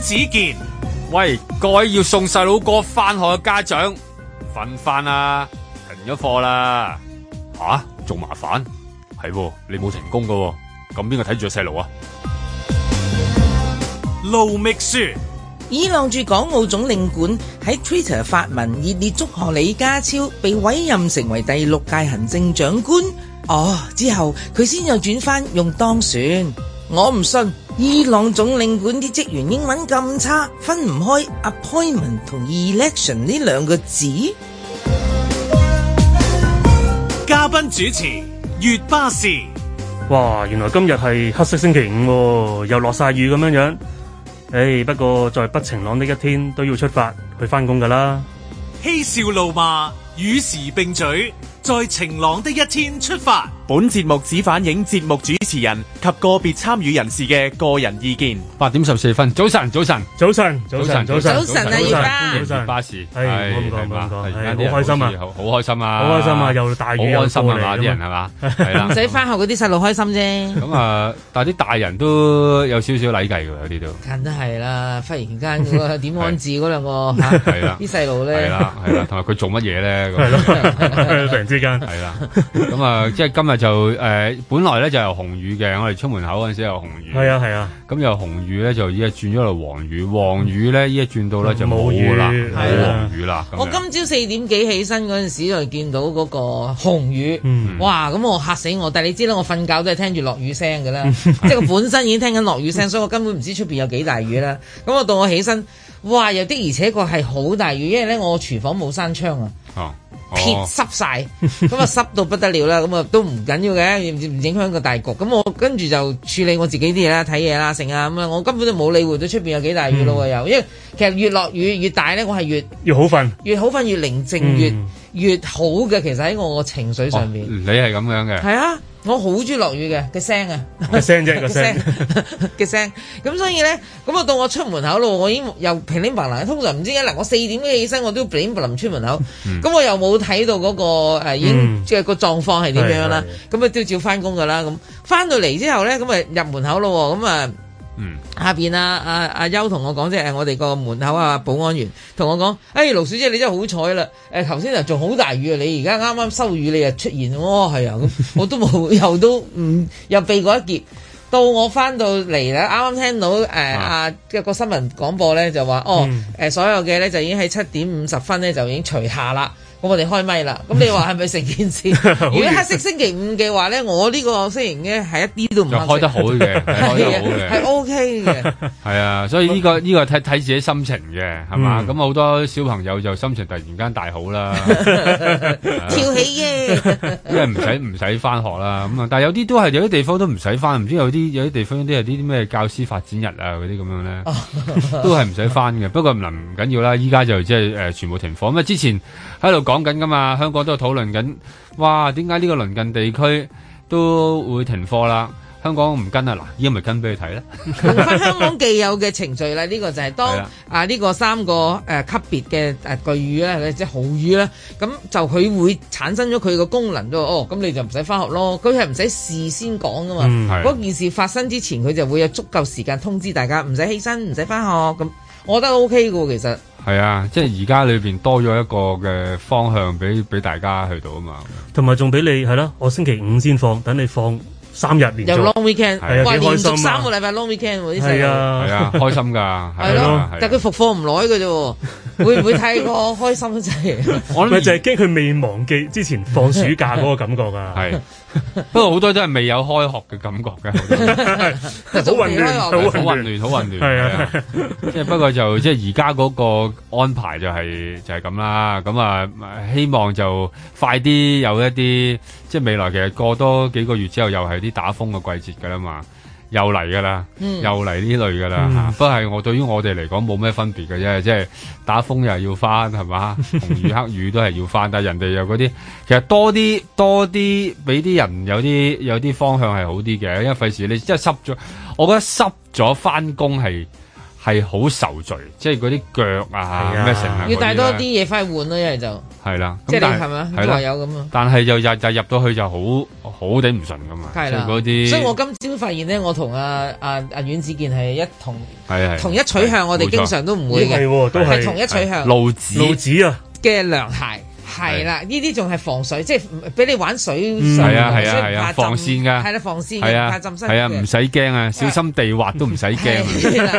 子健，喂，各位要送細佬哥翻學嘅家長，瞓翻啦，停咗課啦，吓、啊，仲麻煩，係，你冇停工噶，咁邊個睇住細路啊？盧覓雪，伊朗駐港澳總領館喺 Twitter 發文，熱烈祝賀李家超被委任成為第六屆行政長官。哦，之後佢先又轉翻用當選，我唔信。伊朗總領館啲職員英文咁差，分唔開 appointment 同 election 呢兩個字。嘉賓主持：月巴士。哇，原來今日係黑色星期五，哦，又落晒雨咁樣樣。誒、哎，不過在不晴朗的一天都要出發去翻工噶啦。嬉笑怒罵，與時並嘴，在晴朗的一天出發。本節目只反映節目主持人及個別參與人士嘅個人意見。八點十四分，早晨，早晨，早晨，早晨，早晨，早晨。早晨，阿葉巴，葉巴士，係，唔該，唔該，開心啊，好開心啊，好開心啊，又大雨過嚟，啲人係嘛，係啦，唔使翻學嗰啲細路開心啫。咁啊，但係啲大人都有少少禮計噶，有啲都，近都係啦。忽然間嗰個點安置嗰兩個，係啦，啲細路咧，係啦，係啦，同埋佢做乜嘢咧？係咯，突然之間，係啦。咁啊，即係今日。就誒、呃，本來咧就係、有紅雨嘅，我哋出門口嗰陣時有紅雨。係啊，係啊。咁有紅雨咧，就依家轉咗落黃雨，黃雨咧依家轉到咧就冇雨啦，冇魚、啊、黃雨啦。我今朝四點幾起身嗰陣時就見到嗰個紅雨，嗯、哇！咁我嚇死我，但係你知啦，我瞓覺都係聽住落雨聲㗎啦， 即係我本身已經聽緊落雨聲，所以我根本唔知出邊有幾大雨啦。咁我到我起身，哇！又的而且確係好大雨，因為咧我廚房冇閂窗啊。啊哦、撇濕晒，咁啊 濕到不得了啦，咁啊都唔緊要嘅，唔唔影響個大局。咁我跟住就處理我自己啲嘢啦，睇嘢啦，成啊咁啊，我根本都冇理會到出邊有幾大雨咯，又、嗯、因為其實越落雨越大咧，我係越越好瞓，越好瞓越寧靜，嗯、越越好嘅。其實喺我個情緒上邊、哦，你係咁樣嘅，係啊。我好中意落雨嘅嘅聲啊！個聲啫個聲嘅聲，咁所以咧，咁啊到我出門口咯，我已經又噼里啪啦，通常唔知點解嗱，我四點起身我都噼里出門口，咁我又冇睇到嗰個誒，已經即係個狀況係點樣啦，咁啊都照翻工噶啦，咁翻到嚟之後咧，咁啊入門口咯，咁啊。嗯，下邊阿阿阿優同我講即係我哋個門口啊保安員同我講，哎、欸、盧小姐你真係好彩啦，誒頭先就仲好大雨,剛剛雨、哦、啊，你而家啱啱收雨你又出現咯，係啊咁我都冇 又都唔又避過一劫，到我翻到嚟咧，啱啱聽到誒阿嗰個新聞廣播咧就話哦，誒、嗯呃、所有嘅咧就已經喺七點五十分咧就已經除下啦。我哋開咪啦，咁你話係咪成件事？如果黑色星期五嘅話咧，我呢個雖然咧係一啲都唔開得好嘅，開得好嘅係 OK 嘅的，係啊，所以呢、這個呢、嗯、個睇睇自己心情嘅，係嘛？咁好多小朋友就心情突然間大好啦， 啊、跳起嘅， 因為唔使唔使翻學啦，咁啊，但係有啲都係有啲地方都唔使翻，唔知有啲有啲地方啲係啲咩教師發展日啊嗰啲咁樣咧， 都係唔使翻嘅。不過唔能唔緊要啦，依家就即係誒全部停課。咁啊，之前喺度講。講緊噶嘛，香港都係討論緊，哇，點解呢個鄰近地區都會停課啦？香港唔跟啊，嗱，依家咪跟俾你睇咧，香港既有嘅程序啦。呢 個就係當的啊呢、這個三個誒、啊、級別嘅誒句語咧，即係號語咧，咁就佢會產生咗佢個功能啫。哦，咁你就唔使翻學咯，佢係唔使事先講噶嘛。嗰、嗯、件事發生之前，佢就會有足夠時間通知大家，唔使起身，唔使翻學。咁我覺得 O K 噶，其實。係啊，即係而家裏邊多咗一個嘅方向俾俾大家去到啊嘛，同埋仲俾你係咯，我星期五先放，等你放三日連。又 long weekend，哇，連續三個禮拜 long weekend，啲細。係啊係啊，開心噶。係咯，但佢復課唔耐嘅啫，會唔會太過開心啊？真係。咪就係驚佢未忘記之前放暑假嗰個感覺啊！係。 不過好多都係未有開學嘅感覺嘅，好混亂，好混亂，好混亂，係啊！即係 不過就即係而家嗰個安排就係、是、就係、是、咁啦。咁啊，希望就快啲有一啲，即係未來其實過多幾個月之後又係啲打風嘅季節㗎喇嘛。又嚟噶啦，嗯、又嚟呢類噶啦嚇，不過係我對於我哋嚟講冇咩分別嘅啫，即係打風又係要翻係嘛？ 紅雨黑雨都係要翻，但係人哋又嗰啲，其實多啲多啲俾啲人有啲有啲方向係好啲嘅，因為費事你真係濕咗，我覺得濕咗翻工係。係好受罪，即係嗰啲腳啊，咩成要帶多啲嘢翻去換咯，因為就係啦，即係係咪？都話有咁啊？但係就入又入到去就好好頂唔順噶嘛，所以嗰啲。所以我今朝發現咧，我同啊，阿阿阮子健係一同，係同一取向，我哋經常都唔會嘅，都係同一取向。路子路子啊嘅涼鞋。係啦，呢啲仲係防水，即係俾你玩水，所以，防濺噶，係啦防濺，係啊，防濺身，係啊，唔使驚啊，小心地滑都唔使驚。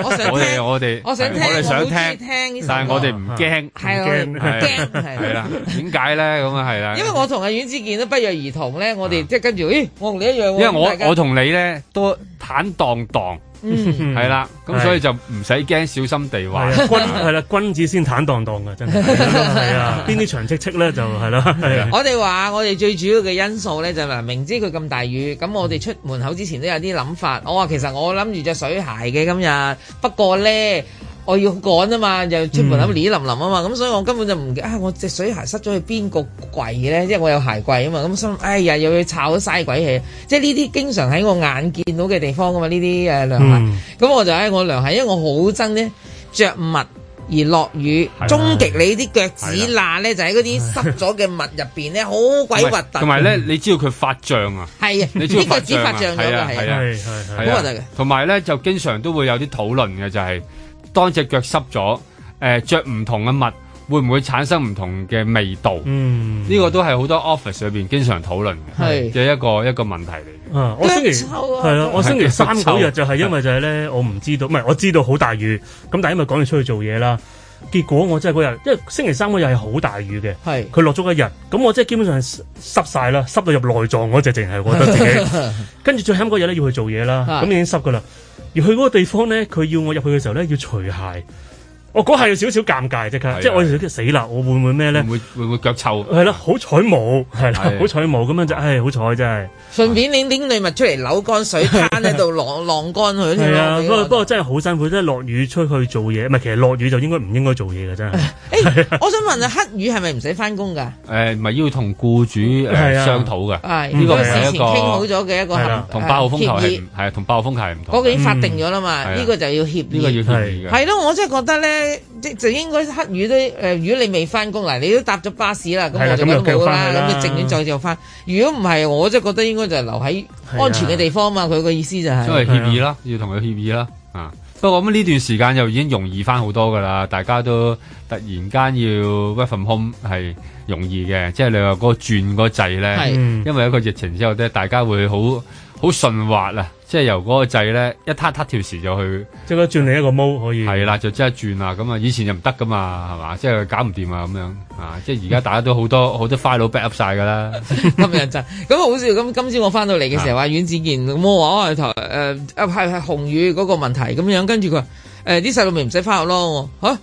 我想我哋，我想我哋想聽，但係我哋唔驚，驚，係啦，點解咧？咁啊係啦，因為我同阿阮之見都不約而同咧，我哋即係跟住，咦，我同你一樣。因為我我同你咧都坦蕩蕩。嗯，係啦，咁所以就唔使驚，小心地話，係啦，君子先坦蕩蕩嘅，真係，係啊，邊啲 長戚戚咧就係啦。我哋話我哋最主要嘅因素咧就係、係，明知佢咁大雨，咁我哋出門口之前都有啲諗法。我、哦、話其實我諗住着水鞋嘅今日，不過咧。我要趕啊嘛，又出門諗攣淋淋啊嘛，咁所以我根本就唔記得，啊我隻水鞋塞咗去邊個櫃咧？因為我有鞋櫃啊嘛，咁心，哎呀，又要摷晒鬼氣，即係呢啲經常喺我眼見到嘅地方啊嘛，呢啲誒涼鞋，咁我就喺我涼鞋，因為我好憎呢着襪而落雨，終極你啲腳趾罅咧就喺嗰啲濕咗嘅襪入邊咧，好鬼核突，同埋咧你知道佢發脹啊，係，你知道腳趾發脹咗嘅係啊，好核突嘅，同埋咧就經常都會有啲討論嘅就係。當隻腳濕咗，誒著唔同嘅襪，會唔會產生唔同嘅味道？呢個都係好多 office 裏邊經常討論嘅，嘅一個一個問題嚟嘅。我星期係咯，我星期三嗰日就係因為就係咧，我唔知道，唔係我知道好大雨，咁但係因為趕住出去做嘢啦，結果我真係嗰日，因為星期三嗰日係好大雨嘅，佢落咗一日，咁我真係基本上濕晒啦，濕到入內臟我只，淨係我覺得自己跟住最後嗰日咧要去做嘢啦，咁已經濕噶啦。而去嗰個地方咧，佢要我入去嘅時候咧，要除鞋。我嗰下有少少尷尬，即刻，即係我死啦！我會唔會咩咧？會唔會腳臭？係咯，好彩冇，係啦，好彩冇咁樣就，唉，好彩真係順便拎拎你咪出嚟，扭乾水攤喺度晾晾乾佢。不過真係好辛苦，即係落雨出去做嘢，唔係其實落雨就應該唔應該做嘢嘅真係。我想問啊，黑雨係咪唔使翻工㗎？誒，唔係要同僱主商討嘅。呢個係一個傾好咗嘅一個同八號風球係係同八號風球係唔同。嗰個已經法定咗啦嘛，呢個就要協，呢個要協議。係咯，我真係覺得咧。即就應該黑雨都誒、呃，如果你未翻工嗱，你都搭咗巴士啦，咁、嗯、的我哋都冇啦，咁佢寧願再就翻。如果唔係，我真係覺得應該就留喺安全嘅地方嘛。佢個的意思就係、是。即係協議啦，的要同佢協議啦。啊，不過咁呢段時間又已經容易翻好多噶啦，大家都突然間要 Work from Home 係容易嘅，即係你話嗰個轉個掣咧，的因為一個疫情之後咧，大家會好。好順滑啊！即係由嗰個掣咧一撻撻條時就去，即係轉另一個毛可以。係啦，就即刻轉啦。咁啊，以前就唔得噶嘛，係嘛，即係搞唔掂啊咁樣啊！即係而家大家都好多好 多 file back up 晒噶啦。今日就咁好笑。咁今朝我翻到嚟嘅時候，話阮子健，我話頭誒誒，係、呃、係紅雨嗰個問題咁樣，跟住佢誒啲細路咪唔使翻學咯吓。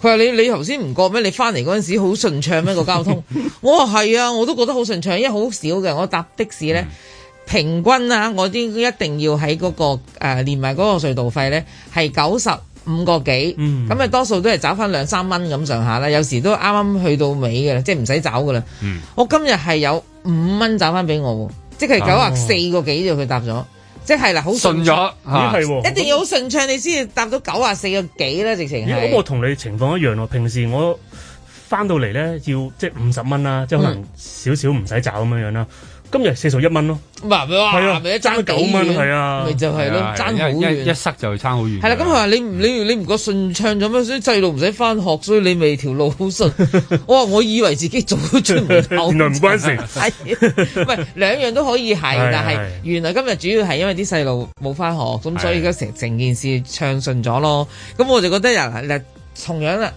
佢話、啊、你你頭先唔覺咩？你翻嚟嗰陣時好順暢咩？個交通我話係啊，我都覺得好順暢，因為好少嘅，我搭的士咧。 平均啊，我都一定要喺嗰、嗰個誒、呃、連埋嗰個隧道費咧，係九十五個幾，咁咪、嗯、多數都係找翻兩三蚊咁上下啦。有時都啱啱去到尾嘅，即係唔使找嘅啦。嗯、我今日係有五蚊找翻俾我，即係九啊四個幾就佢搭咗，啊、即係啦，好順咗，係、啊、一定要好順暢你先至搭到九啊四個幾咧，直情。咁我同你情況一樣咯。平時我翻到嚟咧要即係五十蚊啦，即係可能少少唔使找咁樣樣啦。今日四十一蚊咯，咪哇咪一爭九蚊，係啊，咪就係咯，爭好遠，一塞就會差好遠。係啦，咁佢話你你你唔覺順暢咗咩所以細路唔使翻學，所以你咪條路好順。我話我以為自己做到最尾，原來唔關事。係，唔係兩樣都可以係，但係原來今日主要係因為啲細路冇翻學，咁所以而家成成件事暢順咗咯。咁我就覺得人，係，同樣啦。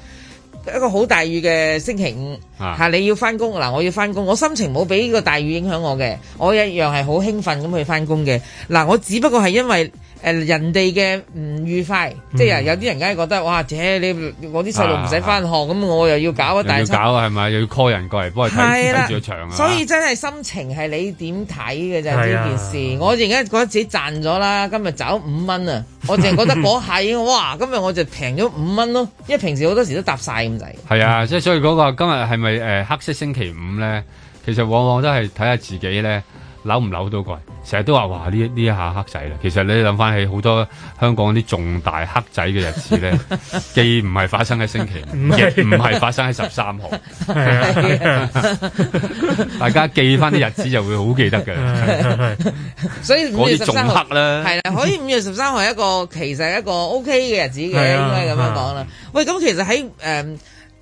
一個好大雨嘅星期五，吓、啊，你要翻工嗱，我要翻工，我心情冇俾呢個大雨影響我嘅，我一樣係好興奮咁去翻工嘅，嗱我只不過係因為。誒、呃、人哋嘅唔愉快，嗯、即係有啲人梗係覺得，哇！這、哎、你我啲細路唔使返學，咁、啊、我又要搞啊！大七搞係咪？又要 call 人過嚟幫佢睇係啦，啊、所以真係心情係你點睇嘅就係呢件事。我而家覺得自己賺咗啦，今日走五蚊啊！我淨係覺得嗰下，哇！今日我就平咗五蚊咯，因為平時好多時都搭晒咁滯。係啊，即係所以嗰個今日係咪誒黑色星期五咧？其實往往都係睇下自己咧。扭唔扭到過常常都怪，成日都話，哇，呢呢一下黑仔啦。其實你諗翻起好多香港啲重大黑仔嘅日子咧， 既唔係發生喺星期五，亦唔係發生喺十三號。 大家記翻啲日子就會好記得嘅。 所以可以仲 黑咧，係 啦，可以五月十三號係一個其實一個 O K 嘅日子嘅，應該咁樣講啦。喂，咁其實喺誒。呃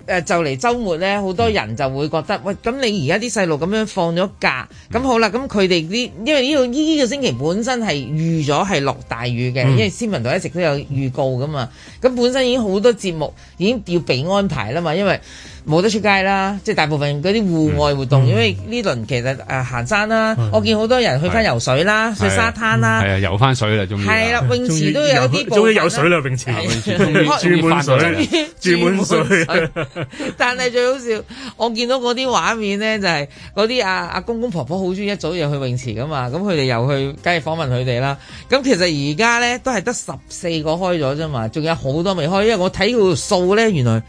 誒、呃、就嚟週末呢，好多人就會覺得，喂，咁你而家啲細路咁樣放咗假，咁好啦，咁佢哋啲，因為呢個呢個星期本身係預咗係落大雨嘅，嗯、因為天文台一直都有預告噶嘛，咁本身已經好多節目已經要俾安排啦嘛，因為。冇得出街啦，即係大部分嗰啲戶外活動，嗯、因為呢輪其實誒、呃、行山啦，嗯、我見好多人去翻游水啦，去對沙灘啦，係啊對，嗯、游翻水啦，仲要，係啦，泳池都有啲，終於有水啦泳池，注 滿水，注 滿水。 但係最好笑， 我見到嗰啲畫面咧，就係嗰啲阿阿公公婆婆好中意一早又去泳池噶嘛，咁佢哋又去，梗係訪問佢哋啦。咁其實而家咧都係得十四個開咗啫嘛，仲有好多未開，因為我睇到數咧，原來。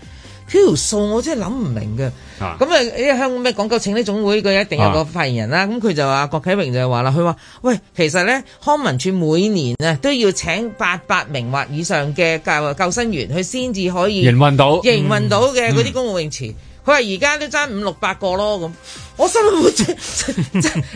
條數我真係諗唔明嘅，咁啊啲香港咩廣救拯溺總會，佢一定有個發言人啦，咁佢、嗯嗯嗯嗯、就話郭啟榮就話啦，佢話喂，其實咧康文署每年咧、啊、都要請八百名或以上嘅救救生員，佢先至可以營運到營運到嘅嗰啲公共泳池，佢話而家都爭五六百個咯，咁，我心諗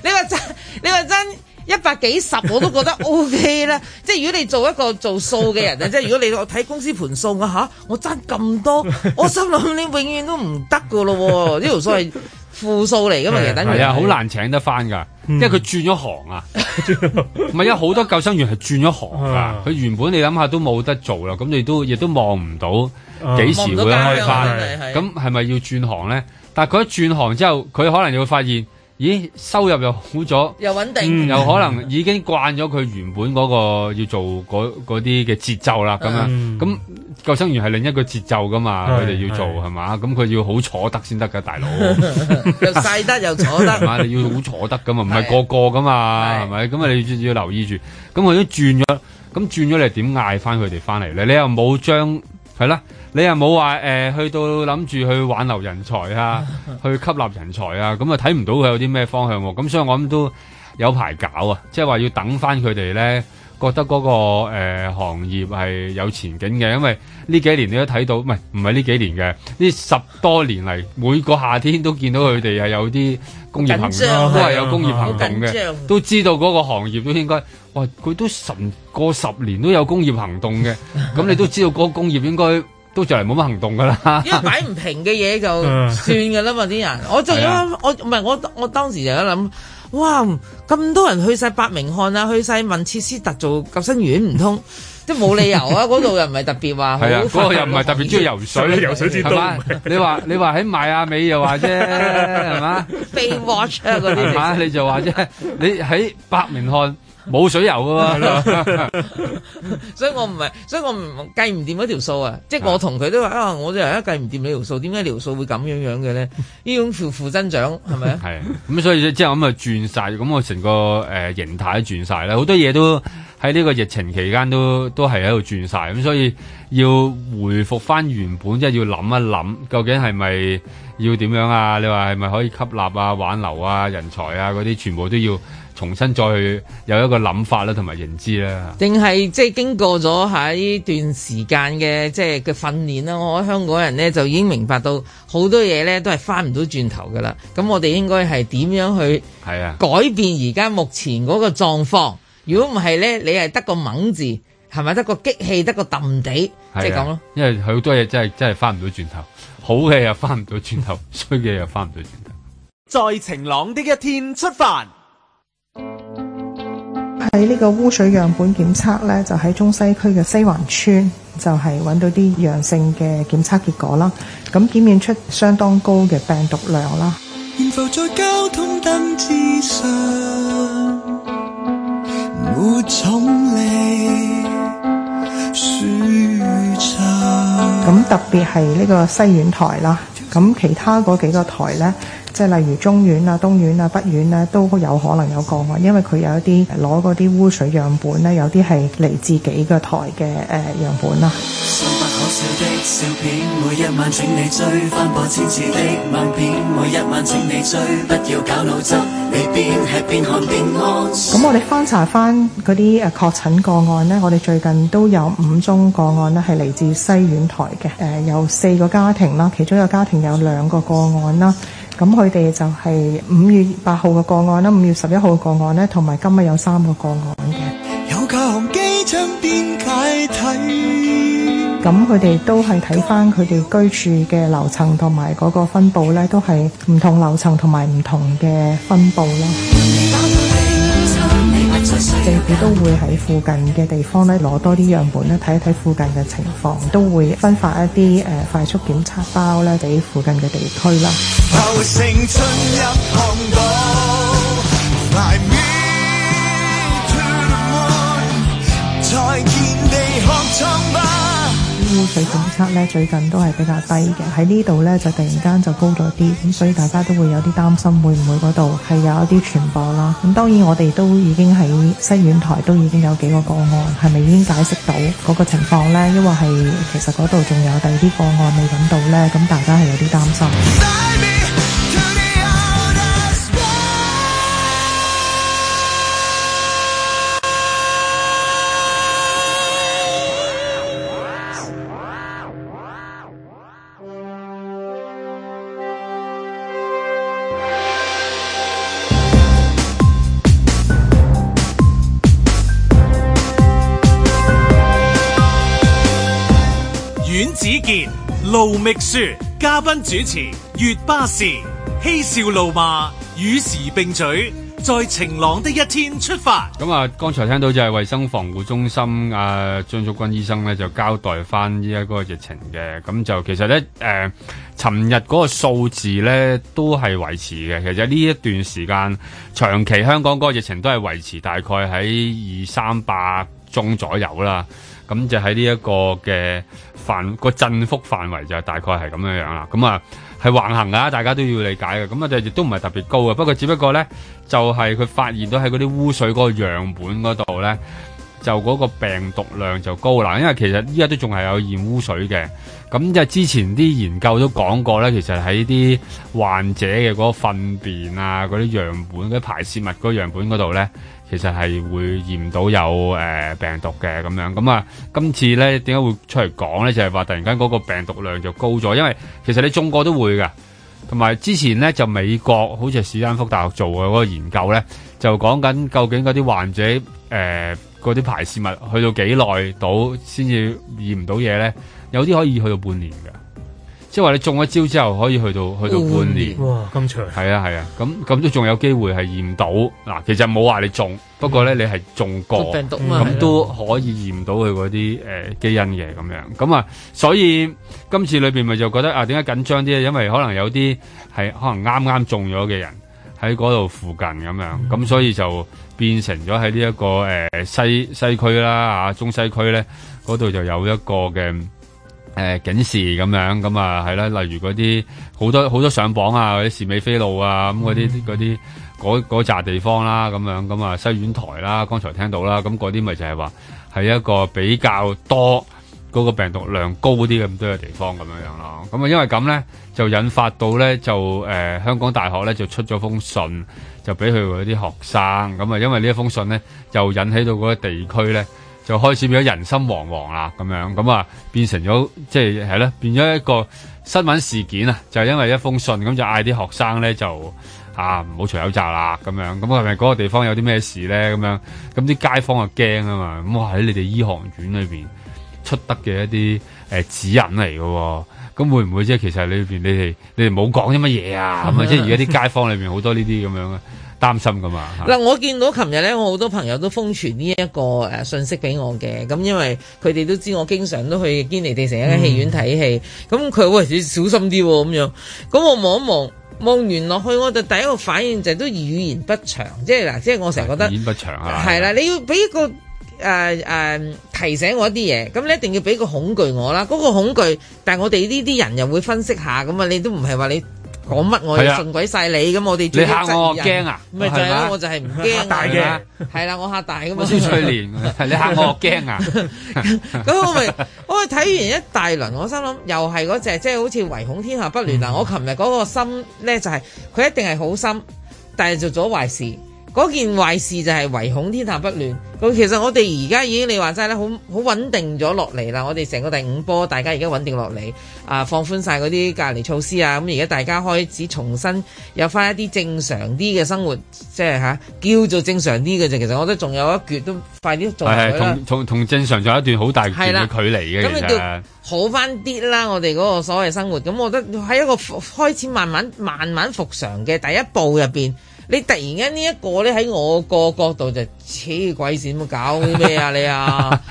你話真你話真？真 一百幾十我都覺得 OK 啦，即係如果你做一個做數嘅人啊，即係如果你我睇公司盤數啊嚇，我爭咁多，我心諗你永遠都唔得噶咯喎，呢條數係負數嚟噶嘛，其實等於係啊，好難請得翻噶，因為佢轉咗行啊，唔係因為好多救生員係轉咗行㗎，佢原本你諗下都冇得做啦，咁你都亦都望唔到幾時會開翻，咁係咪要轉行咧？但係佢一轉行之後，佢可能又會發現。咦，收入又好咗，又穩定、嗯，又可能已經慣咗佢原本嗰個要做嗰啲嘅節奏啦，咁、嗯、樣，咁救生員係另一個節奏噶嘛，佢哋的要做係嘛，咁佢的要好坐得先得噶，大佬， 又曬得又坐得，係嘛， 你要好坐得噶嘛，唔係個個噶嘛，係咪？咁啊，你要留意住，咁佢都轉咗，咁轉咗你點嗌翻佢哋翻嚟？你你又冇將。係啦，你又冇話誒去到諗住去挽留人才啊，去吸納人才啊，咁啊睇唔到佢有啲咩方向喎、啊，咁、嗯、所以我諗都有排搞啊，即係話要等翻佢哋咧，覺得嗰、那個誒、呃、行業係有前景嘅，因為呢幾年你都睇到，唔係唔係呢幾年嘅呢十多年嚟，每個夏天都見到佢哋係有啲。工業行張都係有工業行動嘅，啊、都知道嗰個行業都應該，哇！佢都神過十年都有工業行動嘅，咁 你都知道嗰個工業應該都就嚟冇乜行動噶啦。因為擺唔平嘅嘢就算嘅啦嘛啲 人，我仲有是、啊、我唔係我我，我當時就一諗，哇！咁多人去晒伯明翰啊，去晒曼徹斯特做救生員唔通？ 即係冇理由啊！嗰度又唔係特別話，係啊，嗰、啊那個又唔係特別鍾意游水，啊，游水知道。你話你話喺邁阿美又話啫，係嘛 吧？Baywatch 嗰、啊、啲，係吧，你就話啫，你喺伯明翰冇水游噶喎。所以我唔係，所以我唔計唔掂嗰條數啊！即係我同佢都話啊，我哋而家計唔掂呢條數，點解條數會咁樣樣嘅咧？呢 種負，負增長係咪啊？係。咁所以即係之後咁啊轉晒，咁我成個誒形態都轉曬啦，好多嘢都。喺呢個疫情期間都都係喺度轉晒，咁，所以要回復翻原本，即係要諗一諗，究竟係咪要點樣啊？你話係咪可以吸納啊、挽留啊人才啊嗰啲，全部都要重新再去有一個諗法啦、啊，同埋認知啦、啊。定係即係經過咗喺呢段時間嘅即係嘅訓練啦，我覺得香港人咧就已經明白到好多嘢咧都係翻唔到轉頭㗎喇。咁我哋應該係點樣去改變而家目前嗰個狀況？如果唔係咧，你係得個猛字，係咪得個激氣，得個揼地，即係咁咯。的因為好多嘢真係真係翻唔到轉頭，好嘅又翻唔到轉頭，衰嘅又翻唔到轉頭。在晴朗的一天出發，喺呢個污水樣本檢測咧，就喺中西區嘅西環村就係揾到啲陽性嘅檢測結果啦。咁檢驗出相當高嘅病毒量啦。現咁特別係呢個西苑台啦，咁其他嗰幾個台呢，即係例如中苑啊、東苑啊、北苑呢，都有可能有個案，因為佢有一啲攞嗰啲污水樣本呢，有啲係嚟自己個台嘅誒樣本啦。笑的笑片每一晚請你你追，不要搞老汁你邊吃邊、看邊、咁、啊啊、我哋翻查翻嗰啲誒確診個案呢，我哋最近都有五宗個案呢係嚟自西苑台嘅。誒有四個家庭啦，其中一個家庭有兩個個案啦。咁佢哋就係五月八號嘅個案啦，五月十一號個案呢，同埋今日有三個個案嘅。有機邊解體咁佢哋都係睇翻佢哋居住嘅樓層同埋嗰個分佈咧，都係唔同樓層同埋唔同嘅分佈咯。政府都會喺附近嘅地方咧攞多啲樣本咧，睇一睇附近嘅情況，都會分發一啲誒快速檢測包咧俾附近嘅地區啦。污水檢測咧，最近都係比較低嘅，喺呢度咧就突然間就高咗啲，咁所以大家都會有啲擔心，會唔會嗰度係有一啲傳播啦？咁當然我哋都已經喺西苑台都已經有幾個個案，係咪已經解釋到嗰個情況咧？因為係其實嗰度仲有第二啲個案未揾到咧，咁大家係有啲擔心。 盧覓雪，嘉賓主持月巴氏，嬉笑怒罵與時並舉，在晴朗的一天出發。咁啊、嗯，剛才聽到就係衛生防護中心阿張竹君醫生咧，就交代翻依家個疫情嘅。咁、嗯、就其實咧，誒、呃，尋日嗰個數字咧都係維持嘅。其實呢一段時間，長期香港嗰個疫情都係維持，大概喺二三百宗左右啦。咁就喺呢一個嘅範、嗰個振幅範圍就大概係咁樣樣啦。咁啊係橫行噶，大家都要理解嘅。咁啊就亦都唔係特別高嘅，不過只不過咧就係、是、佢發現到喺嗰啲污水嗰個樣本嗰度咧。就嗰個病毒量就高啦，因為其實依家都仲係有驗污水嘅，咁就之前啲研究都講過呢，其實喺啲患者嘅嗰個糞便啊、嗰啲樣本、嗰啲排泄物嗰個樣本嗰度呢，其實係會驗到有誒、呃、病毒嘅咁樣，咁啊今次呢點解會出嚟講呢？就係、是、話突然間嗰個病毒量就高咗，因為其實你中國都會㗎，同埋之前呢，就美國好似史丹福大學做嘅嗰個研究呢，就講緊究竟嗰啲患者誒。呃嗰啲排泄物去到幾耐到先至驗唔到嘢咧？有啲可以去到半年嘅，即係話你中咗招之後可以去到去到半年，哇咁長，係啊係啊，咁咁都仲有機會係驗到嗱。其實冇話你中，嗯、不過咧你係中過，咁都可以驗到佢嗰啲誒基因嘅咁樣。咁啊，所以今次裏邊咪就覺得啊，點解緊張啲咧？因為可能有啲係可能啱啱中咗嘅人。喺嗰度附近咁樣，咁所以就變成咗喺呢一個誒西西區啦，啊中西區咧嗰度就有一個嘅誒警示咁樣，咁啊係啦，例如嗰啲好多好多上榜啊，或者是美飛路啊，咁嗰啲嗰啲嗰嗰扎地方啦，咁樣咁啊西苑台啦，剛才聽到啦，咁嗰啲咪就係話係一個比較多。嗰個病毒量高啲咁多嘅地方咁樣樣咯，咁啊，因為咁呢，就引發到呢，就誒、呃、香港大學呢，就出咗封信，就俾佢嗰啲學生咁啊，因為呢一封信呢，就引起到嗰個地區呢，就開始變咗人心惶惶啦，咁樣咁啊變成咗即係係咯變咗一個新聞事件啊，就係、是、因為一封信咁就嗌啲學生呢，就啊唔好除口罩啦，咁樣咁係咪嗰個地方有啲咩事呢？咁樣咁啲街坊就啊驚啊嘛，咁話喺你哋醫學院裏邊。嗯出得嘅一啲誒、呃、指引嚟嘅、哦，咁、啊、會唔會即係其實裏邊你哋你哋冇講啲乜嘢啊？咁啊，即係而家啲街坊裏面好多呢啲咁樣嘅擔心㗎嘛。嗱，我見到琴日咧，我好多朋友都封存呢一個誒、啊、信息俾我嘅，咁因為佢哋都知我經常都去堅尼地城一間戲院睇戲，咁佢話喂，小心啲咁、哦、樣，咁我望一望，望完落去，我就第一個反應就係都語言不詳，即係嗱，即、就、係、是、我成日覺得語言不詳啊，係啦、呃呃呃，你要俾一個。誒誒、呃呃，提醒我一啲嘢，咁你一定要俾個恐懼我啦。嗰、那個恐懼，但係我哋呢啲人又會分析下咁啊。你都唔係話你講乜我信鬼晒你咁，我哋最憎人驚啊。咪 就係咯，我就係唔驚。吓大嘅係啦，我吓大噶嘛。蘇翠蓮，你吓我驚啊？咁我咪我咪睇完一大輪，我心諗又係嗰隻，即、就、係、是、好似唯恐天下不亂嗱。嗯、我琴日嗰個心咧就係、是、佢一定係好心，但係做咗壞事。嗰件壞事就係唯恐天下不亂。咁其實我哋而家已經你話齋係，好好穩定咗落嚟啦。我哋成個第五波，大家而家穩定落嚟，啊放寬晒嗰啲隔離措施啊。咁而家大家開始重新有翻一啲正常啲嘅生活，即係嚇、啊、叫做正常啲嘅啫。其實我覺得仲有一橛都快啲。做，同同同正常仲有一段好大段嘅距離嘅。的其實叫好翻啲啦，我哋嗰個所謂生活。咁我覺得喺一個開始慢慢慢慢復常嘅第一步入邊。你突然間呢一個咧，喺我個角度就黐鬼線，咁搞咩啊你啊？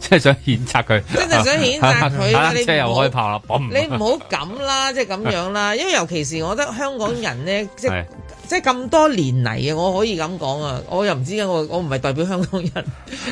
即係 想譴責佢， 真係想譴責佢。 你即係又開炮啦！ 你唔好咁啦，即係咁樣啦。就是、樣啦 因為尤其是我覺得香港人咧、就是， 即係即係咁多年嚟啊，我可以咁講啊。我又唔知我我唔係代表香港人，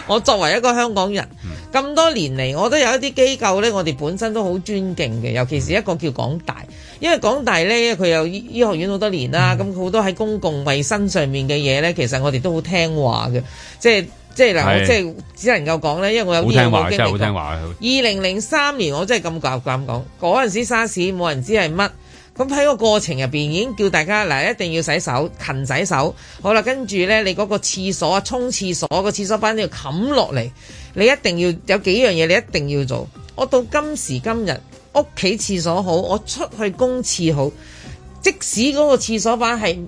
我作為一個香港人，咁 多年嚟我都有一啲機構咧，我哋本身都好尊敬嘅，尤其是一個叫港大。因為港大呢，佢有醫學院好多年啦、啊，咁好、嗯、多喺公共衞生上面嘅嘢呢，其實我哋都好聽話嘅，即係即係嗱，即係是只能夠講呢，因為我有醫學經歷。真係好聽話！二零零三年我真係咁講咁講，嗰陣 那時沙士冇 人知係乜，咁喺個過程入邊已經叫大家嗱一定要洗手，勤洗手，好啦，跟住呢，你嗰個廁所啊，沖廁所，廁所那個廁所板要冚落嚟，你一定要有幾樣嘢，你一定要做。 我到今時今日，屋企廁所好，我出去公廁好，即使嗰個廁所板係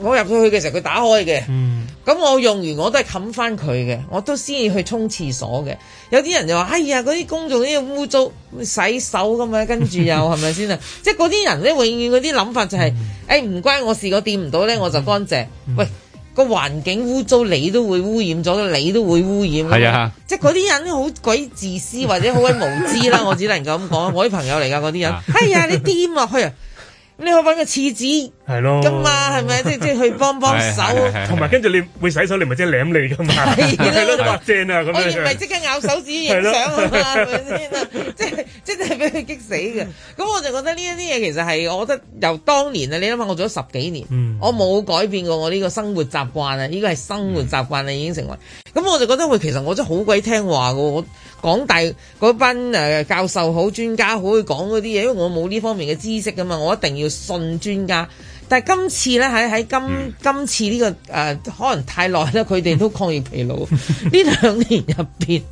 我入到去嘅時候佢打開嘅，咁、嗯、我用完我都係冚翻佢嘅，我都先至去沖廁所嘅。有啲人就話，哎呀，嗰啲公眾啲污糟，洗手咁樣，跟住又係咪先啊？是是 即係嗰啲人咧，永遠嗰啲諗法就係、是，誒唔關我事，我掂唔到咧，我就乾淨。嗯嗯、喂！個環境污糟，你都會污染咗，你都會污染。係啊，即係嗰啲人好鬼自私或者好鬼無知啦， 我只能夠咁講。我啲朋友嚟噶，嗰啲人，啊、哎呀，你掂啊，去啊，你去搵個廁紙。係咯，咁啊，係咪啊？即係即係去幫幫手，同埋 跟住你會洗手，你咪即係舐你噶嘛？係啦咯，鑊正啊！咁樣就我以為即刻咬手指影相啊嘛，係咪先啊？即即即係俾佢激死嘅。咁、 嗯、我就覺得呢一啲嘢其實係，我覺得由當年啊，你諗下，我做咗十幾年，嗯、我冇改變過我呢個生活習慣啊！呢、這個係生活習慣啊，已經成為。咁、嗯、我就覺得喂，其實我真係好鬼聽話噶，我講大嗰班誒教授好專家好去講嗰啲嘢，因為我冇呢方面嘅知識噶嘛，我一定要信專家。但係今次咧喺喺今今次呢今今次、這個誒、呃、可能太耐咧，佢哋都抗疫疲勞。呢兩 年入邊，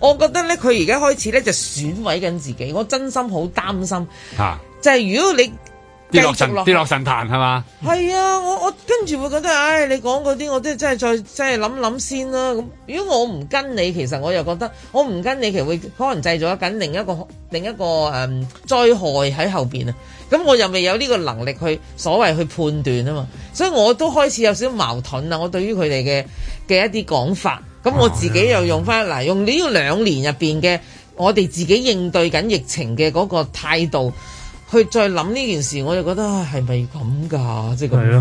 我覺得咧佢而家開始咧就損毀緊自己。我真心好擔心。嚇、啊！就係如果你跌落神跌落神壇係嘛？係啊！我我跟住會覺得唉、哎，你講嗰啲我都真係再真係諗諗先啦、啊。咁如果我唔跟你，其實我又覺得我唔跟你，其實會可能製造緊另一個另一個誒災、嗯、害喺後邊啊！咁我又未有呢個能力去所謂去判斷啊嘛，所以我都開始有少少矛盾啦。我對於佢哋嘅嘅一啲講法，咁我自己又用翻嚟，啊、用呢個兩年入邊嘅我哋自己應對緊疫情嘅嗰個態度，去再諗呢件事，我就覺得係咪咁噶？即係咁。係咯、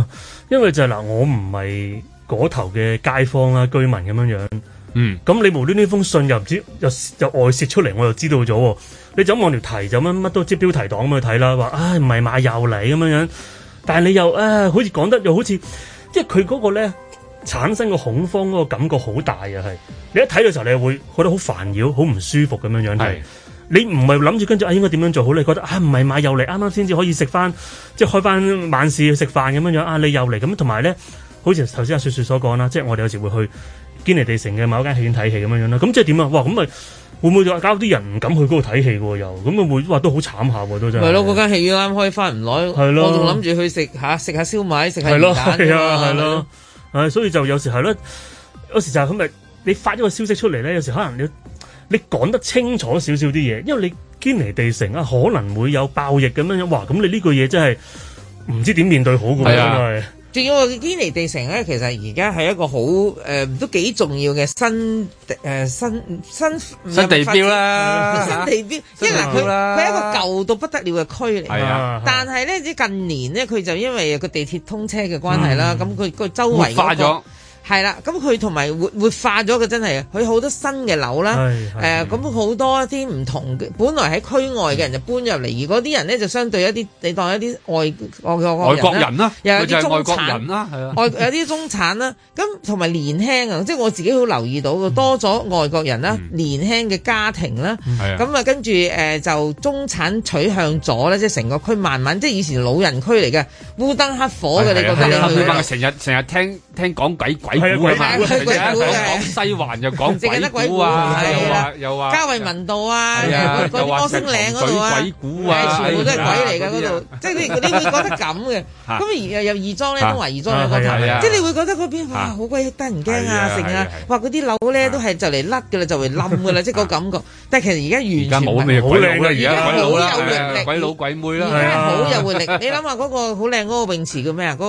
就是，因為就係、是、嗱，我唔係嗰頭嘅街坊啦，居民咁樣樣。嗯，咁你無端呢封信又唔知又又外泄出嚟，我又知道咗。你就望條題就乜乜都，即係標題黨咁去睇啦。話唉唔係買又嚟咁樣樣，但係你又唉，好似講得又好似即係佢嗰個咧，產生個恐慌嗰個感覺好大啊！係你一睇嘅時候，你又會覺得好煩擾、好唔舒服咁樣樣。係是你唔係諗住跟住啊應該點樣做好你覺得啊唔係買又嚟，啱啱先至可以食翻，即係開翻晚市去食飯咁樣樣啊！你又嚟咁，同埋咧，好似頭先阿雪雪所講啦，即係我哋有時會去。堅尼地城嘅某一間戲院睇戲咁樣樣啦，咁即係點啊？哇，咁咪會唔會話搞啲人唔敢去嗰度睇戲嘅又？咁咪會話都好慘下，都真係。咪咯，嗰間戲院啱開翻唔耐，的我仲諗住去食下，食下燒賣，食下面。係咯，係啊，係咯，誒，所以就有時係咯，有時就係咁咪，你發咗個消息出嚟咧，有時可能你你講得清楚少少啲嘢，因為你堅尼地城啊，可能會有爆疫咁樣樣。哇，咁你呢句嘢真係唔知點面對好嘅。係的仲有啊，堅尼地城咧，其實而家係一個好誒、呃，都幾重要嘅新誒、呃、新新新地標啦，新地標，地標因為嗱，佢佢係一個舊到不得了嘅區嚟，嘅、啊啊、但係呢，近年呢，佢就因為個地鐵通車嘅關係啦，咁佢個周圍活化咗、那個。係啦，咁佢同埋活活化咗嘅真係，佢好多新嘅樓啦，誒，咁好多一啲唔同嘅。本來喺區外嘅人就搬入嚟，而嗰啲人咧就相對一啲，你當一啲外外國人啦，又有啲中產啦，外有啲中產啦，咁同埋年輕啊，即係我自己好留意到嘅，多咗外國人啦，年輕嘅家庭啦，咁啊跟住誒就中產取向咗咧，即係成個區慢慢，即係以前老人區嚟嘅，烏燈黑火嘅，你覺得你去？成日成日聽聽講鬼鬼。係啊，鬼古啊！講西環又講鬼古啊，係啊，又話加惠民道啊，又話摩星嶺嗰度啊，鬼古啊，全部都係鬼嚟噶嗰度，即係你你會覺得咁嘅。咁而入二莊咧，都話二莊嗰個頭，即係你會覺得嗰邊哇，好鬼得人驚啊，成啊！哇，嗰啲樓咧都係就嚟甩噶啦，就嚟冧噶啦，即係個感覺。但係其實而家完全唔係好靚啦，而家鬼佬有活力，鬼佬鬼妹啦，好有活力。你諗下嗰個好靚嗰個泳池叫咩啊？嗰個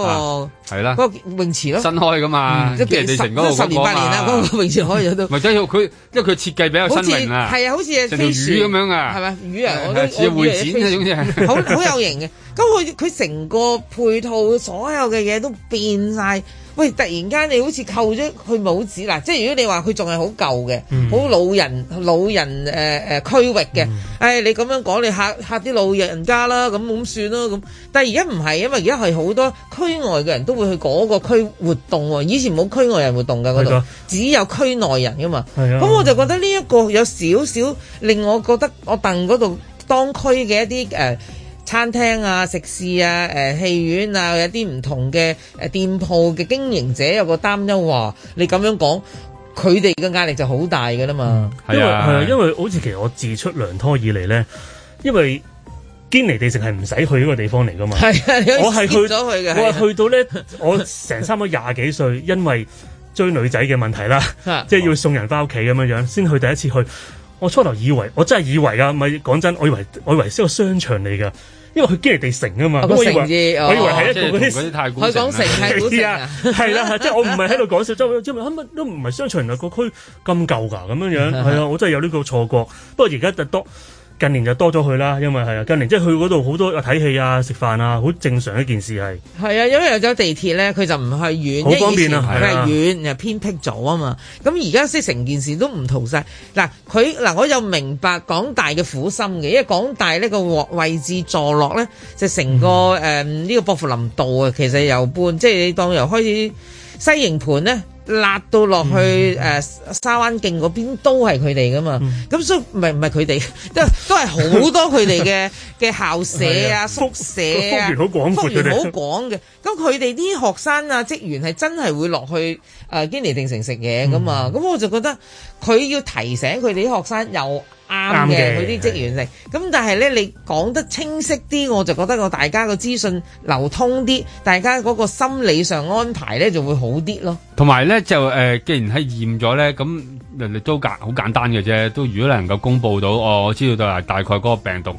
係啦，嗰個泳池咯，新開噶嘛。啲人地城嗰個十年八年啦，嗰個榮事可以喺度。唔係真係佢，因為佢設計比較新穎啊。係啊，好似係飛鼠咁樣啊，係咪魚啊？係似會展啊，總之係好好有型嘅。咁佢佢成個配套所有嘅嘢都變晒。喂，突然間你好似扣咗佢帽子嗱，即係如果你話佢仲係好舊嘅，好、嗯、老人老人誒誒、呃、區域嘅，誒、嗯哎、你咁樣講你嚇嚇啲老人家啦，咁咁算咯咁。但係而家唔係，因為而家係好多區外嘅人都會去嗰個區活動喎。以前冇區外人活動㗎嗰度，的只有區內人㗎嘛。係啊的。咁我就覺得呢一個有少少令我覺得我當嗰度當區嘅一啲誒。呃餐廳啊、食肆啊、誒、呃、戲院啊，有啲唔同嘅誒店鋪嘅經營者有個擔憂話，話你咁樣講，佢哋嘅壓力就好大㗎啦嘛。嗯啊、因為係啊，因為好似其實我自出娘胎以嚟咧，因為堅尼地城係唔使去呢個地方嚟噶嘛。係啊，啊我係去咗去嘅。我係去到咧， 我成三廿幾歲，因為追女仔嘅問題啦， 即係要送人翻屋企咁樣樣，先去第一次去。我初頭以為，我真係以為㗎，唔係，講真，我以為我以為先個商場嚟㗎。因為佢堅尼地城啊嘛，我以為我以為係一個嗰啲太古，佢講城係古城啊，係啦，即係我唔係喺度講笑，即係即係，乜都唔係商場啊，原來個區咁舊㗎咁樣樣，係啊，我真係有呢個錯覺，不過而家特多。近年就多咗去啦，因為係啊，近年即係去嗰度好多啊睇戲啊、食飯啊，好正常一件事係。係啊，因為有咗地鐵咧，佢就唔係遠，好方便啊！佢係遠、啊、又偏僻咗啊嘛。咁而家識成件事都唔同晒。嗱，佢嗱，我又明白港大嘅苦心嘅，因為港大呢個位位置坐落咧，就成個誒呢、嗯嗯呢個薄扶林道啊，其實又搬，即係你當又開始西營盤咧。辣到落去誒、嗯呃、沙灣徑嗰邊都係佢哋㗎嘛，咁、嗯、所以唔係唔係佢哋， 都都係好多佢哋嘅嘅校舍啊、 宿舍啊，覆園好廣嘅，咁佢哋啲學生啊、職員係真係會落去。誒堅尼定城食嘢噶嘛？咁、嗯、我就覺得佢要提醒佢哋啲學生又啱嘅，佢啲的職員食。咁的但係咧，你講得清晰啲，我就覺得我大家個資訊流通啲，大家嗰個心理上安排咧就會好啲咯。同埋咧就誒、呃，既然係驗咗咧，咁人哋都簡好簡單嘅啫。都如果你能夠公佈到、哦，我知道到嚟大概嗰個病毒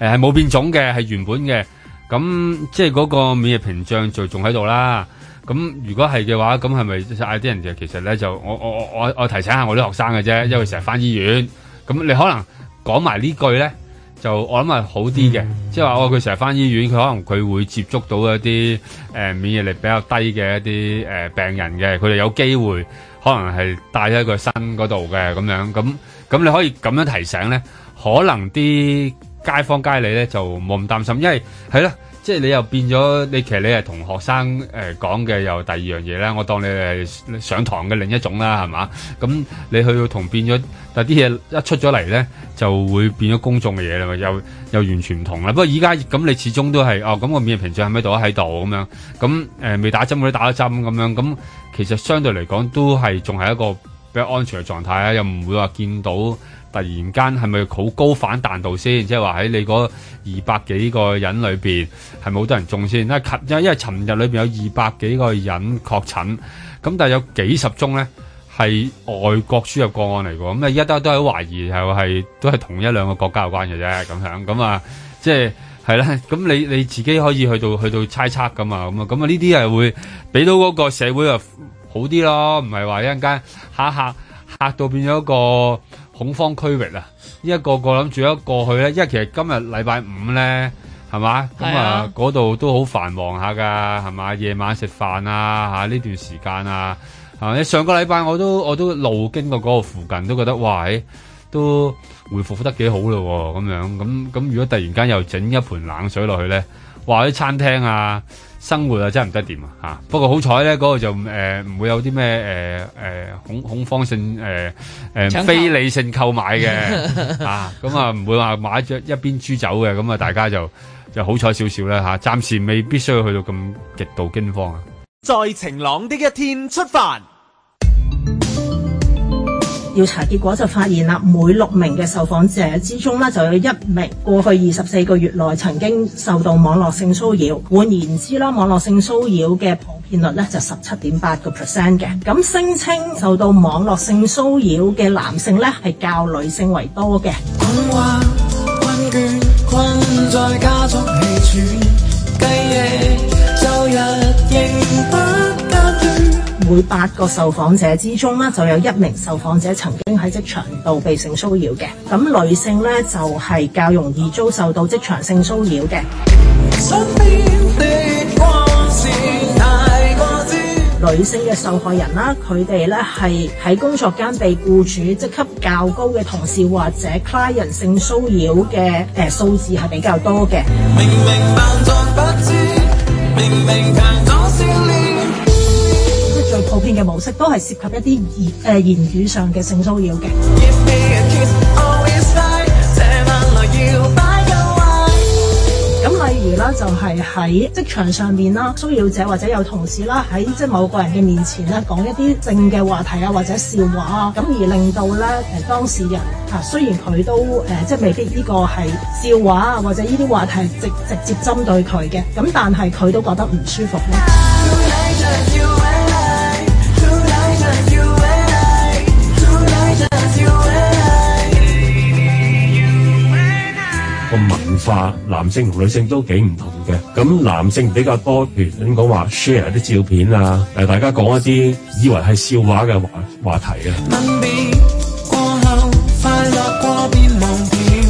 誒係冇變種嘅，係原本嘅。咁即係嗰個免疫屏障就仲喺度啦。咁如果係嘅話，咁係咪嗌啲人就其實咧，就我我我我我提醒下我啲學生嘅啫，因為佢成日翻醫院，咁你可能講埋呢句咧，就我諗係好啲嘅，即係話我佢成日翻醫院，佢可能佢會接觸到一啲誒、呃、免疫力比較低嘅一啲誒、呃、病人嘅，佢哋有機會可能係帶喺個身嗰度嘅咁樣，咁咁你可以咁樣提醒咧，可能啲街坊街里咧就冇咁擔心，因為係啦。即係你又變咗，你其實你係同學生誒、呃、講嘅又第二樣嘢啦。我當你係上堂嘅另一種啦，係嘛？咁你去到同變咗，但啲嘢一出咗嚟咧，就會變咗公眾嘅嘢啦，又又完全唔同啦。不過依家咁你始終都係哦，咁個免疫屏障係咪度喺度咁樣咁誒、呃，未打針嗰啲打咗針咁樣咁，其實相對嚟講都係仲係一個比較安全嘅狀態啊，又唔會話見到。突然間係咪好高反彈度先？即係話喺你嗰二百幾個人裏邊係咪好多人中先？啊，因因為尋日裏邊有二百幾個人確診，咁但係有幾十宗咧係外國輸入個案嚟嘅。咁啊，依家都都係懷疑又係都係同一兩個國家有關嘅啫。咁樣咁啊，即係係啦。咁你你自己可以去到去到猜測咁啊。咁啊，咁啊呢啲係會俾到嗰個社會啊好啲咯。唔係話一陣間嚇嚇嚇到變咗個。恐慌區域啊！呢一個個諗住一個去咧，因為其實今日禮拜五咧，係嘛？咁啊，嗰度都好繁忙下㗎，係嘛，夜晚食飯啊嚇呢段時間啊，係嘛？你上個禮拜我都我都路經過嗰個附近，都覺得哇，都回復得幾好咯咁樣咁咁，如果突然間又整一盆冷水落去咧，哇啲餐廳啊！生活啊，真係唔得掂啊！吓，不過好彩咧，嗰個就誒唔、呃、會有啲咩誒誒恐恐慌性誒誒、呃呃、想非理性購買嘅 啊，咁啊唔會話買咗一邊豬走嘅，咁啊大家就就好彩少少啦吓，暫、啊、時未必需要去到咁極度驚慌啊！在晴朗的一天出發。調查結果就發現啦，每六名嘅受訪者之中咧，就有一名過去二十四個月內曾經受到網絡性騷擾。換言之啦，網絡性騷擾嘅普遍率咧就十七點八個 percent 嘅。咁聲稱受到網絡性騷擾嘅男性咧係較女性為多嘅。困在家中氣喘。嗯嗯嗯嗯嗯嗯嗯嗯每八個受訪者之中呢，就有一名受訪者曾經喺職場度被性騷擾嘅。咁女性呢，就係、是、較容易遭受到職場性騷擾嘅。女性嘅受害人啦，佢哋呢係喺工作間被僱主職級較高嘅同事或者 client 性騷擾嘅誒、呃、數字係比較多嘅。明明普遍嘅模式都係涉及一啲言誒、呃、言語上嘅性騷擾嘅。咁 you, 例如啦，就係、是、喺職場上面啦，騷擾者或者有同事啦，喺即係某個人嘅面前咧，講一啲性嘅話題啊，或者笑話啊，咁而令到咧誒、呃、當事人啊，雖然佢都誒、呃、即係未必呢個係笑話啊，或者呢啲話題直接直接針對佢嘅，咁但係佢都覺得唔舒服個文化，男性同女性都幾唔同嘅。咁男性比較多，譬如點講話 share 啲照片啊，誒，大家講一啲以為係笑話嘅話話題啊。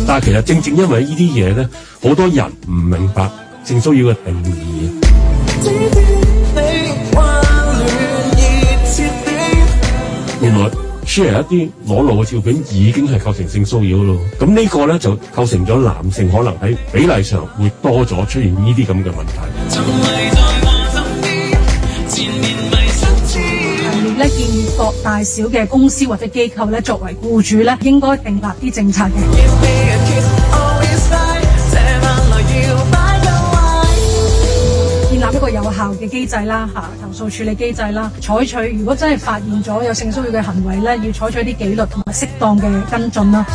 但係其實正正因為呢啲嘢咧，好多人唔明白性騷擾嘅定義。知知你 share 一啲裸露嘅照片已經係構成性騷擾咯，咁、這、呢個咧就構成咗男性可能喺比例上會多咗出現呢啲咁嘅問題。係要咧建議各大小嘅公司或者機構咧作為僱主咧，應該訂立啲政策嘅。Yes, 效嘅機制啦，吓投訴處理機制啦，採取，如果真係發現咗有性騷擾嘅行為咧，要採取一啲紀律同埋適當嘅跟進啦。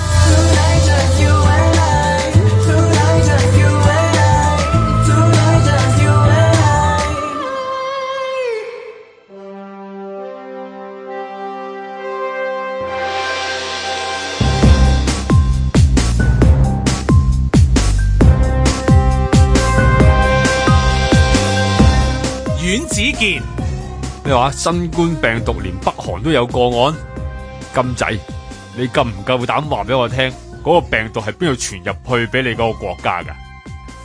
阮子健，咩話？新冠病毒連北韓都有個案，金仔，你夠唔夠膽話俾我聽？嗰個病毒係邊度傳入去俾你嗰個國家噶？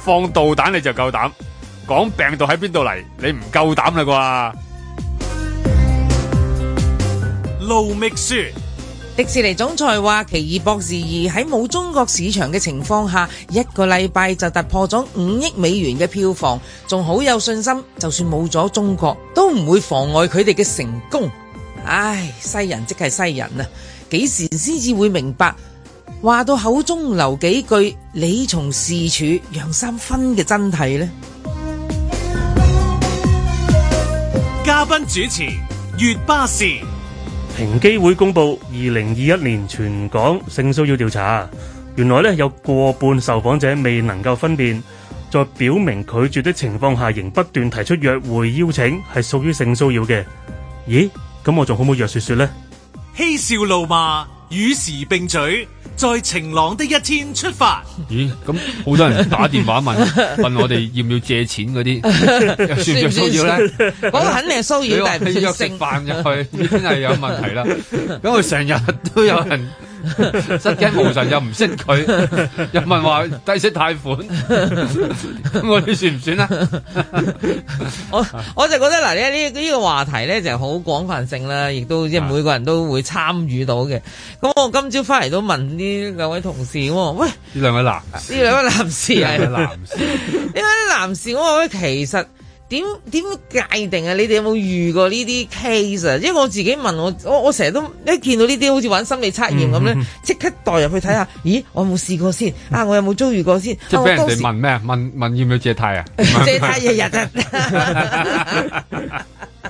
放導彈你就夠膽，講病毒喺邊度嚟？你唔夠膽啦啩？盧秘書。迪士尼總裁話：奇異博士二喺冇中國市場嘅情況下，一個禮拜就突破咗五億美元嘅票房，仲好有信心。就算冇咗中國，都唔會妨礙佢哋嘅成功。唉，西人即係西人啊！幾時先至會明白，話到口中留幾句，理從是處讓三分嘅真諦呢？」嘉賓主持：粵巴士。平機會公布二零二一年全港性騷擾調查，原來咧有過半受訪者未能夠分辨，在表明拒絕的情況下仍不斷提出約會邀請，係屬於性騷擾嘅。咦，咁我仲好唔好約說說呢？嬉笑怒罵。與時並舉，在晴朗的一天出發。咦，咁好多人打電話問，問，問我哋要唔要借錢嗰啲，算唔算騷擾咧？嗰 個肯定係騷擾，但係約食飯入去已經係有問題啦。咁 我成日都有人。失驚 無神又唔識佢， 又問話低息貸款， 我哋算唔算啊？ 我我就覺得嗱，呢呢呢個話題咧就係好廣泛性啦，亦都即係每個人都會參與到嘅。咁我今朝翻嚟都問呢兩位同事，喂，呢兩位男士，呢 兩位男士係 男， 男士，呢位男士我話喂，其實。點點界定啊？你哋有冇遇過呢啲 case 啊？因為我自己問我，我我成日都一見到呢啲好似玩心理測驗咁咧，即、嗯嗯嗯、刻代入去睇下。嗯、咦？我有冇試過先？嗯、啊，我有冇遭遇過先？即係使俾、啊、人哋問咩？問問，問要唔要借貸啊？ 借貸日日啊！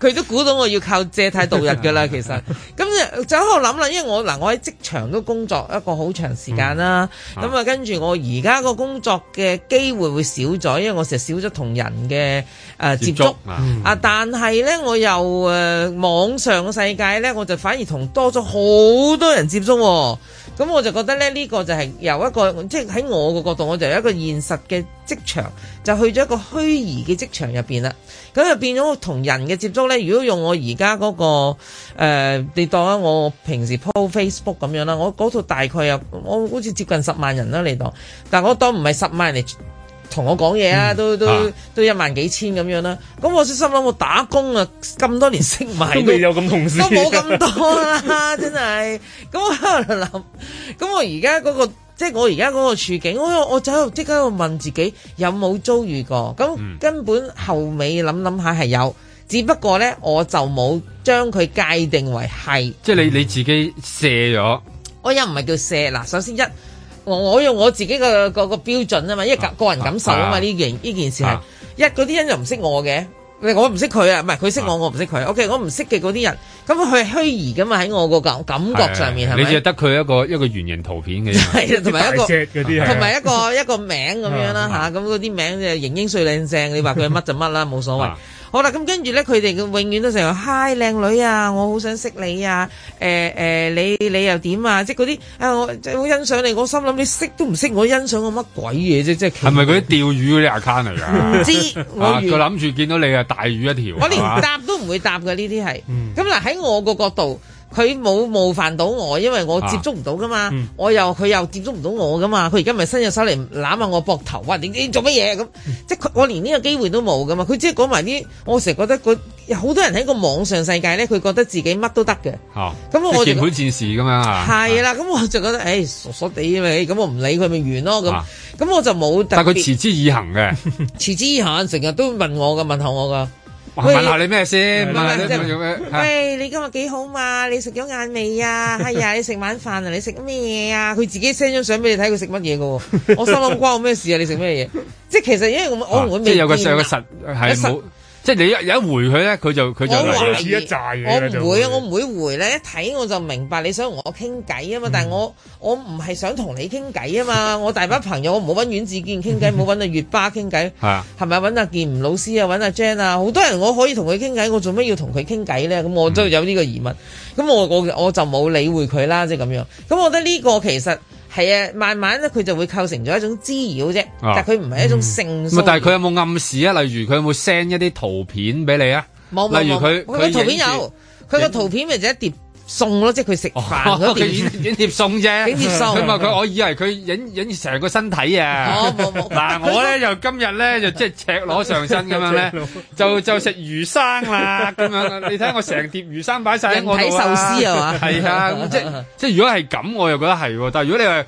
佢 都估到我要靠借貸度日噶啦，其實咁 就就喺度諗啦，因為我嗱，我喺職場都工作一個好長時間啦，咁、嗯、啊，跟住我而家個工作嘅機會會少咗，因為我成日少咗同人嘅誒、呃、接觸啊，嗯、但係咧我又誒、呃、網上嘅世界咧，我就反而同多咗好多人接觸，哦，咁我就覺得咧呢、呢個就係由一個即係喺我個角度，我就有一個現實嘅職場，就去咗一個虛擬嘅職場入邊啦，咁就變咗。同人嘅接觸咧，如果用我而家嗰個、呃、你嚟當我平時 po Facebook 咁樣啦，我嗰套大概有我好似接近十萬人啦你當，但係我當唔係十萬人嚟同我講嘢啊，都都都，都一萬幾千咁樣啦。咁、嗯啊、我心諗我打工啊咁多年識埋都未有咁同事、啊，都冇咁多啦，真係。咁 我喺度諗，咁我而家嗰個。即係我而家嗰個處境，我我就即刻問自己有冇遭遇過？咁根本後尾諗諗下係有，只不過咧我就冇將佢界定為係。即係你你自己卸咗，我又唔係叫卸嗱。首先一我我用我自己個個標準啊嘛，因為個人感受嘛啊嘛呢件呢、啊、件事係、啊、一嗰啲人又唔識我嘅。我唔識佢啊，唔係佢識我，我唔識佢。OK，我唔識嘅嗰啲人，咁佢虛擬噶嘛，喺我個感感覺上面，係咪？你只係得佢一個一個圓形圖片嘅，係同埋一個同埋一個一個名咁樣啦嚇。咁嗰啲名就英英碎靚聲，你話佢乜就乜啦，冇所謂。好啦，咁跟住咧，佢哋永遠都成日 hi 靚女啊，我好想識你啊，誒誒，你你又點啊？即係嗰啲我好欣賞你，我心諗你識都唔識我，我欣賞我乜鬼嘢啫？即係係咪嗰啲釣魚嗰啲 account 嚟㗎？唔知，我諗住見到你啊！大魚一條，我連答都唔會答嘅。呢啲係嗯，咁嗱，喺我個角度。佢冇冒犯到我，因為我接觸唔到㗎嘛，啊嗯、我又佢又接觸唔到我㗎嘛。佢而家咪伸隻手嚟攬下我膊頭，話你，你，你做乜嘢咁？即係佢我連呢個機會都冇㗎嘛。佢即係講埋啲，我成日覺得佢好多人喺個網上世界咧，佢覺得自己乜都得嘅。咁我件判件事咁樣嚇。係啦，咁我就覺得誒傻傻地啊，咁我唔理佢咪完咯咁。咁我就冇。但佢持之以恒嘅，持 之以恒。成日都問我㗎，問下我㗎。問下你咩先？喂，你今日幾好嘛？你食咗晏未啊？係啊，你食晚飯啊？你食咩嘢啊？佢自己 send 張相俾你睇，佢食乜嘢噶？我心諗關我咩事啊？你食咩嘢？即係其實因為我我可能即係有個相個實係即係你一有一,一呢會回佢咧，佢就佢就似一紮嘢。我唔會啊，我唔會回咧，一睇我就明白你想同我傾偈啊嘛，嗯、但係我我唔係想同你傾偈啊嘛， 我大把朋友，我唔好搵阮志健傾偈，唔好搵阿月巴傾偈，係咪？搵阿健吳老師啊，搵阿 Jan 啊，好多人我可以同佢傾偈，我做咩要同佢傾偈咧？咁我都有呢個疑問，咁、嗯、我我我就冇理會佢啦，即係咁樣。咁我覺得呢個其實。係啊，慢慢咧佢就會構成咗一種滋擾啫，啊、但係佢唔係一種性。咁、嗯、但係佢有冇暗示啊？例如佢有冇 send 一啲圖片俾你啊？冇。例如佢佢個圖片有，佢個拍圖片咪就一碟。送咯，即係佢食飯嗰碟，影、哦、碟送啫。咁啊， 佢我以為佢影影成個身體啊。哦，嗱，我咧就今日咧就即係赤裸上身咁樣咧， 就就食魚生啦咁 樣。你睇我成碟魚生擺晒喺我度啦。睇壽司啊嘛，係啊，啊即係 即係如果係咁，我又覺得係，但係如果你話。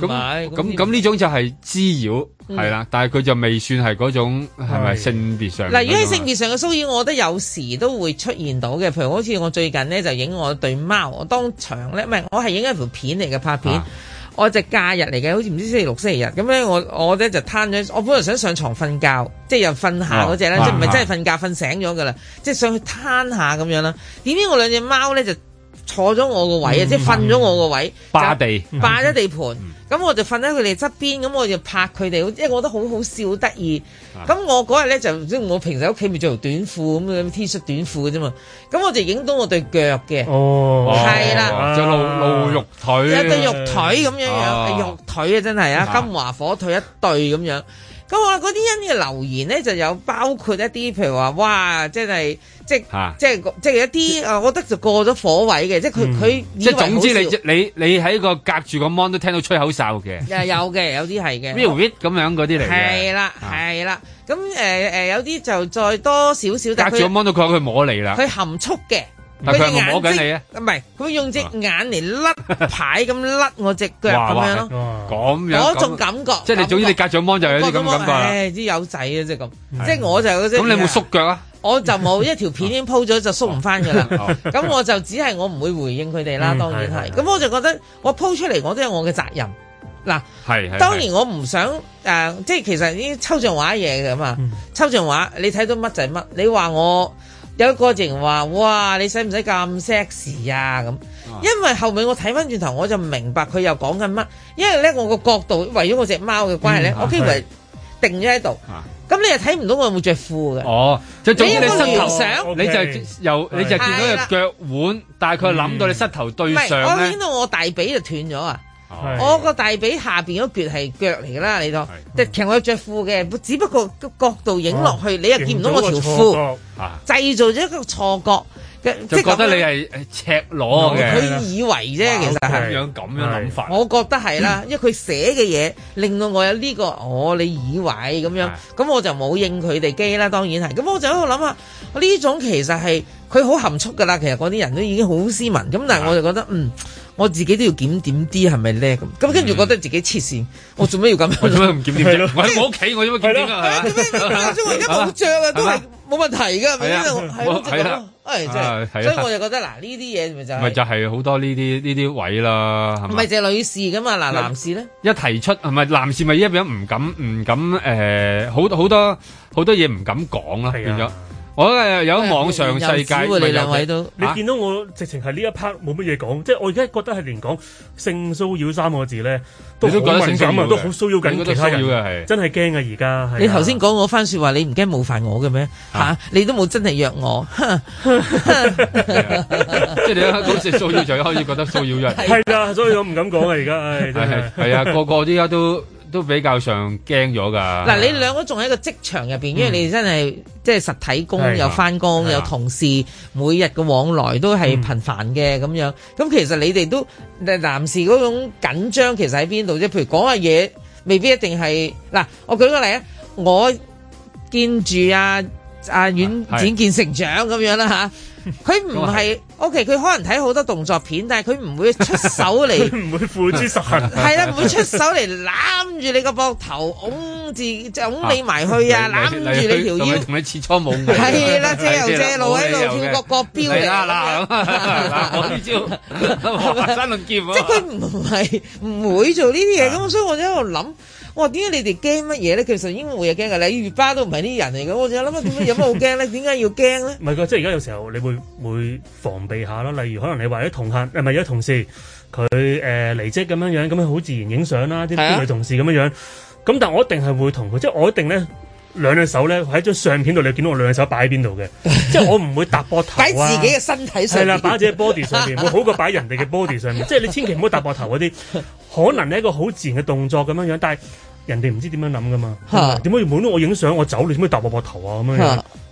咁咁咁呢種就係滋擾係啦，嗯、但係佢就未算係嗰種係咪是性別上嗱，如果喺性別上嘅騷擾，我覺得有時都會出現到嘅。譬如好似我最近咧就影我對貓，我當場咧唔係，我係影一條片嚟嘅拍片，啊、我只假日嚟嘅，好似唔知星期六、星期日咁咧，我我咧就攤咗，我本來想上床瞓覺，即係又瞓下嗰隻啦，即係唔係真係瞓覺，瞓、啊、醒咗噶啦，即、就、係、是、上去攤下咁樣啦。點知我兩隻貓咧就坐咗我個位啊，即係瞓咗我個位霸、嗯嗯、地霸咗地盤。嗯嗯咁、嗯、我就瞓喺佢哋側邊，咁、嗯、我就拍佢哋，因為我覺得好好笑，得意。咁、嗯嗯嗯、我嗰日咧就，唔知我平時喺屋企咪着條短褲咁 T 恤短褲嘅啫嘛。咁、嗯、我就影到我對腳嘅，係、哦、啦，就露露肉腿、啊，有一對肉腿咁樣樣，肉、啊、腿啊真係啊，金華火腿一對咁樣。咁我嗰啲人嘅留言咧，就有包括一啲譬如話，哇，真係即係即係即係一啲啊，我覺得就過咗火位嘅，嗯、即係佢佢即係總之你你你喺個隔住個 mon 都聽到吹口哨嘅，啊 有嘅，有啲係嘅 v 咁樣嗰啲嚟嘅，係啦係啦，咁誒誒有啲就再多少少，隔住個 mon 都佢佢摸嚟啦，佢含蓄嘅。佢隻眼摸緊你啊！唔係，佢用隻眼嚟甩牌咁甩我隻腳咁樣咯。咁樣嗰種感覺，即係你，總之你隔掌芒就有啲咁啊嘛。啲友仔啊，即係咁。即係我就咁。咁你有冇縮腳啊？我就冇一條片已經鋪咗就縮唔翻噶啦。咁我就只係我唔會回應佢哋啦。當然係。咁我就覺得我鋪出嚟，我都有我嘅責任。嗱，係當然我唔想誒，即係其實呢啲抽象畫嘢㗎嘛。抽象畫你睇到乜就係乜。你話我。有個成話，哇！你使唔使咁 sexy 啊？咁，因為後尾我睇翻轉頭，我就明白佢又講緊乜。因為咧，我個角度為咗我隻貓嘅關係咧，嗯啊、我幾乎定咗喺度。咁、啊、你又睇唔到我有冇着褲嘅？哦，就總之你膝頭上，你就又你就見到隻腳腕，但係佢諗到你膝頭、嗯、是對上我諗到我大髀就斷咗啊！我個大髀下邊嗰撅係腳嚟噶啦，你都，其實我有着褲嘅，只不過個角度影落去，你又見唔到我條褲，製造咗一個錯覺，即係覺得你係赤裸。佢以為啫，其實係咁樣咁樣諗法。我覺得係啦，因為佢寫嘅嘢令到我有呢個，哦，你以為咁樣，咁我就冇應佢哋機啦，當然係。咁我就喺度諗下，呢種其實係佢好含蓄噶啦。其實嗰啲人都已經好斯文，咁但係我就覺得嗯。我自己都要檢點啲係咪咧咁，咁跟住覺得自己黐線，我做咩要咁？做咩唔檢點啫？我喺我屋企，我點解檢點啊？係咯，做咩？我而家冇著啊，都係冇問題㗎，係啊，係啊，係啊，所以我就覺得嗱，呢啲嘢咪就係咪就係好多呢啲呢啲位啦，唔係淨係女士㗎嘛，嗱男士咧，一提出係咪男士咪一變唔敢唔敢誒，好多好多好多嘢唔敢講啦，變咗。我誒，有網上世界，你見到我直情係呢一 part 冇乜嘢講，即係我而家覺得係連講性騷擾三個字咧，都好敏感，都好騷擾緊其他人嘅係，真係驚啊！而家你頭先講我返說話，你唔驚冒犯我嘅咩？吓，你都冇真係約我，即係一講性騷擾就開始覺得騷擾人，係噶，所以我唔敢講啊！而家係係啊，個個而家都。都比較上驚咗㗎。嗱，你兩個仲喺個職場入邊，因為你哋真係即係實體工，有翻工，有同事，每日嘅往來都係頻繁嘅咁樣。咁其實你哋都男士嗰種緊張其實喺邊度啫？譬如講下嘢，未必一定係，嗱。我舉個例啊，我見住阿阿阮展見成長咁樣啦嚇。佢唔係 OK，佢可能睇好多動作片，但係佢唔會出手嚟，唔 會付諸實行。係啦，唔會出手嚟攬住你個膊頭，拱住即拱你埋去啊，攬住你條腰，同你切磋武。係 啦，借又借路喺度跳國國標嚟。嗱嗱、啊，我呢招學翻生龍劍。即係佢唔係唔會做呢啲嘢，咁、啊、所以我喺度諗。我點解你哋驚乜嘢咧？其實應該冇嘢驚噶。你如巴都唔係啲人嚟嘅，我就諗下有乜好驚咧？點解要驚咧？唔係噶，即係而家有時候你會會防備下咯。例如可能你話啲同行，係咪有啲同事佢誒離職咁樣樣，咁樣好自然影相啦，啲女、啊、同事咁樣樣。咁但係我一定係會同佢，即係我一定咧兩隻手咧喺張相片度，你見到我兩隻手擺喺邊度嘅。 即係我唔會搭膊頭、啊。喺自己嘅身體上。係啦，擺自己 body 上面會好過擺人哋嘅 body 上面。 即係你千祈唔好搭膊頭嗰啲，可能你一個好自然嘅動作咁樣樣，但係。人哋唔知點樣諗㗎嘛？點解要滿攞我影相？我走你點可以搭我膊頭啊？咁樣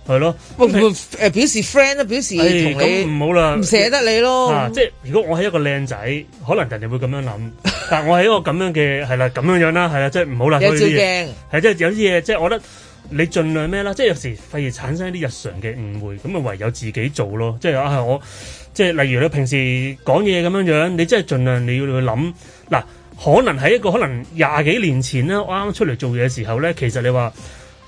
係、啊、咯。誒表示 friend 啦，表示同唔、哎、喲你好啦，唔捨得你咯。啊、即係如果我係一個靚仔，可能人哋會咁樣諗。 但我係一個咁樣嘅係啦，咁樣樣啦，係啦，即係唔好啦。有照鏡係即係有啲嘢，即係我覺得你儘量咩啦？即係有時反而產生一啲日常嘅誤會，咁啊唯有自己做咯。即係啊，我即係例如你平時講嘢咁樣樣，你真係儘量你要去諗嗱。可能喺一個可能廿幾年前咧，我啱啱出嚟做嘢嘅時候咧，其實你話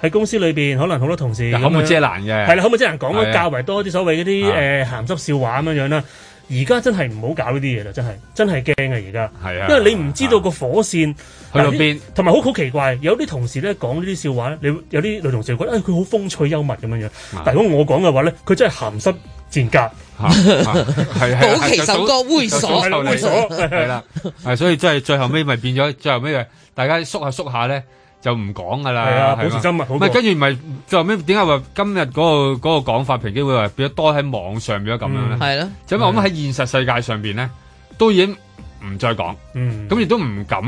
喺公司裏邊，可能好多同事，可唔、啊、樣的可以遮難嘅？係啦的，可唔可以遮難講咯？較為多啲所謂嗰啲誒咸濕笑話咁樣樣啦。而家真係唔好搞呢啲嘢啦，真係真係驚啊而家。係啊的，因為你唔知道個火線去到邊，同埋好好奇怪，有啲同事咧講呢啲笑話咧，你有啲女同事就覺得誒佢好風趣幽默咁樣樣，但如果我講嘅話咧，佢真係咸濕賤格。係係係，其實個猥瑣，猥瑣係啦，係所以即係最後尾咪變咗，最後尾大家縮下縮下咧，就唔講噶啦。係啊，保持親密，唔係跟住咪最後尾點解話今日嗰個嗰個講法，平機會話變咗多喺網上變咗咁樣咧？係咯，咁我諗喺現實世界上邊咧，都已經。唔再講，咁亦都唔敢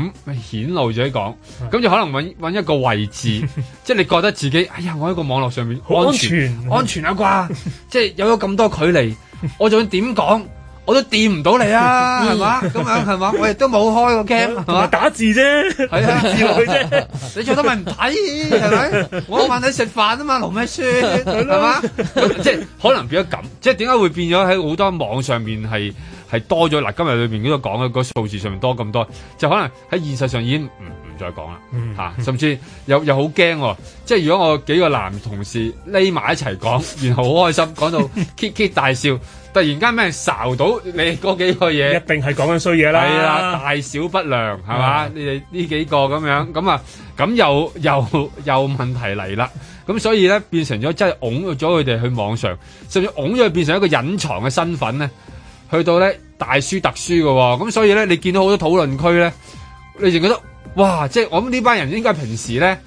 顯露自己講，咁就可能揾一個位置，即係你覺得自己，哎呀，我喺個網絡上面好安全安全啊啩，即係、嗯就是、有咗咁多距離，我仲要點講，我都掂唔到你啊，係嘛？咁樣係嘛？我亦都冇開個 game，係嘛？打字啫，係啊，字落去啫，你做得咪唔睇，係咪？我問你食飯啊嘛，讀咩書？係嘛？了即係可能變咗咁，即係點解會變咗喺好多網上面係？係多咗嗱，今日裏邊嗰度講嘅個數字上面多咁多，就可能喺現實上已經唔唔再講啦嚇，甚至又又好驚，即係如果我幾個男同事匿埋一齊講，然後好開心講到揭揭大笑，突然間俾人嘯到你嗰幾個嘢，一定係講緊衰嘢啦，係啦，大小不良係嘛？你哋呢幾個咁樣咁啊，咁又又又問題嚟啦，咁所以咧變成咗即係㧬咗佢哋去網上，甚至㧬咗佢變成一個隱藏嘅身份咧。去到咧大輸特輸嘅喎，咁所以咧你見到好多討論區咧，你就覺得哇，即係我諗呢班人應該平時咧。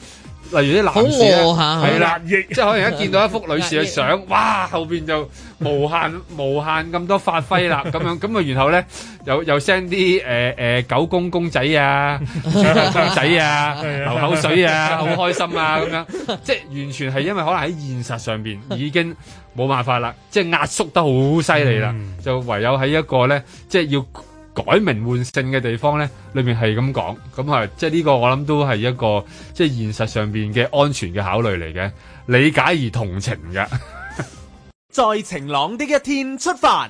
例如啲男士啊，係啦，即係可能一見到一幅女士嘅相， 哇，後邊就無限無限咁多發揮啦，咁樣咁啊，然後咧又又 send 啲誒誒狗公公仔啊、豬 仔啊、 流口水啊，好開心啊，咁樣，即係完全係因為可能喺現實上邊已經冇辦法啦，即係壓縮得好犀利啦，嗯、就唯有喺一個咧，即係要。改名換姓嘅地方呢，裏面係咁講，咁啊，即係呢個我諗都係一個即係現實上邊嘅安全嘅考慮嚟嘅，理解而同情嘅。在晴朗的一天出發。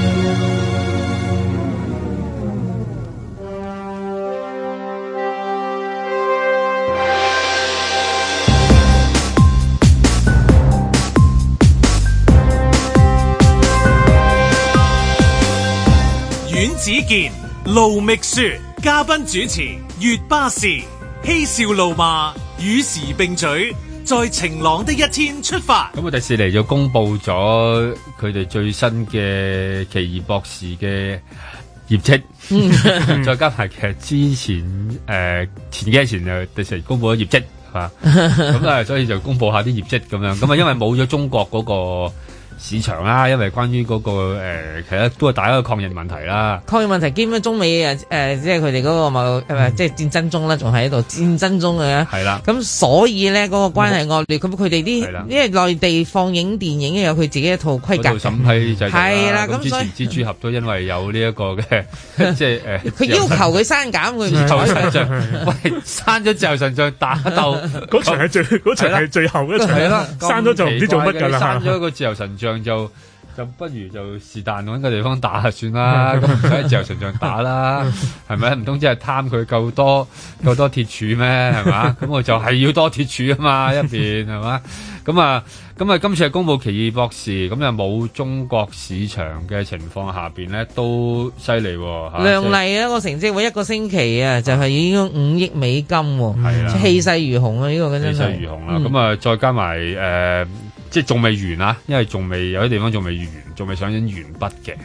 盧覓雪，嘉賓主持，月巴士嬉笑怒罵，與時並舉，在晴朗的一天出發。咁啊， 迪士尼就公佈咗佢哋最新嘅奇異博士嘅業績，再加埋其實之前誒前幾日前就迪士尼公佈咗業績係咁啊，所以就公佈下啲業績咁樣。咁啊，因為冇咗中國嗰、那個。市場啦，因為關於嗰個其實都係大家嘅抗疫問題啦。抗疫問題，基本中美誒，即係佢哋嗰個即係戰爭中咧，仲喺度戰爭中嘅。係啦。咁所以咧，嗰個關係惡劣，咁佢哋啲因為內地放映電影有佢自己一套規格。審批係啦。咁之前蜘蛛俠都因為有呢一個嘅，即係佢要求佢刪減佢。自由神像，喂，刪咗自由神像，打鬥嗰場係最嗰場係最後一場。係啦。刪咗就唔知做乜㗎啦。刪咗個自由神像。就就不如就是但搵個地方打下算啦，咁喺 自由市場打啦，係咪？ 唔通只係貪佢夠多夠多鐵柱咩？係嘛？咁 我就係要多鐵柱啊嘛，一邊係嘛？咁啊，咁啊，今次係公布奇異博士，咁又冇中國市場嘅情況下邊咧，都犀利，亮麗啊！個成績，我會一個星期啊，啊就係已經五億美金，啊，氣勢，啊、如虹啊！呢，這個真係氣勢如虹啊，咁啊，嗯，再加埋誒。即係仲未完啦，因為仲未有啲地方仲未完，仲未上緊完筆嘅，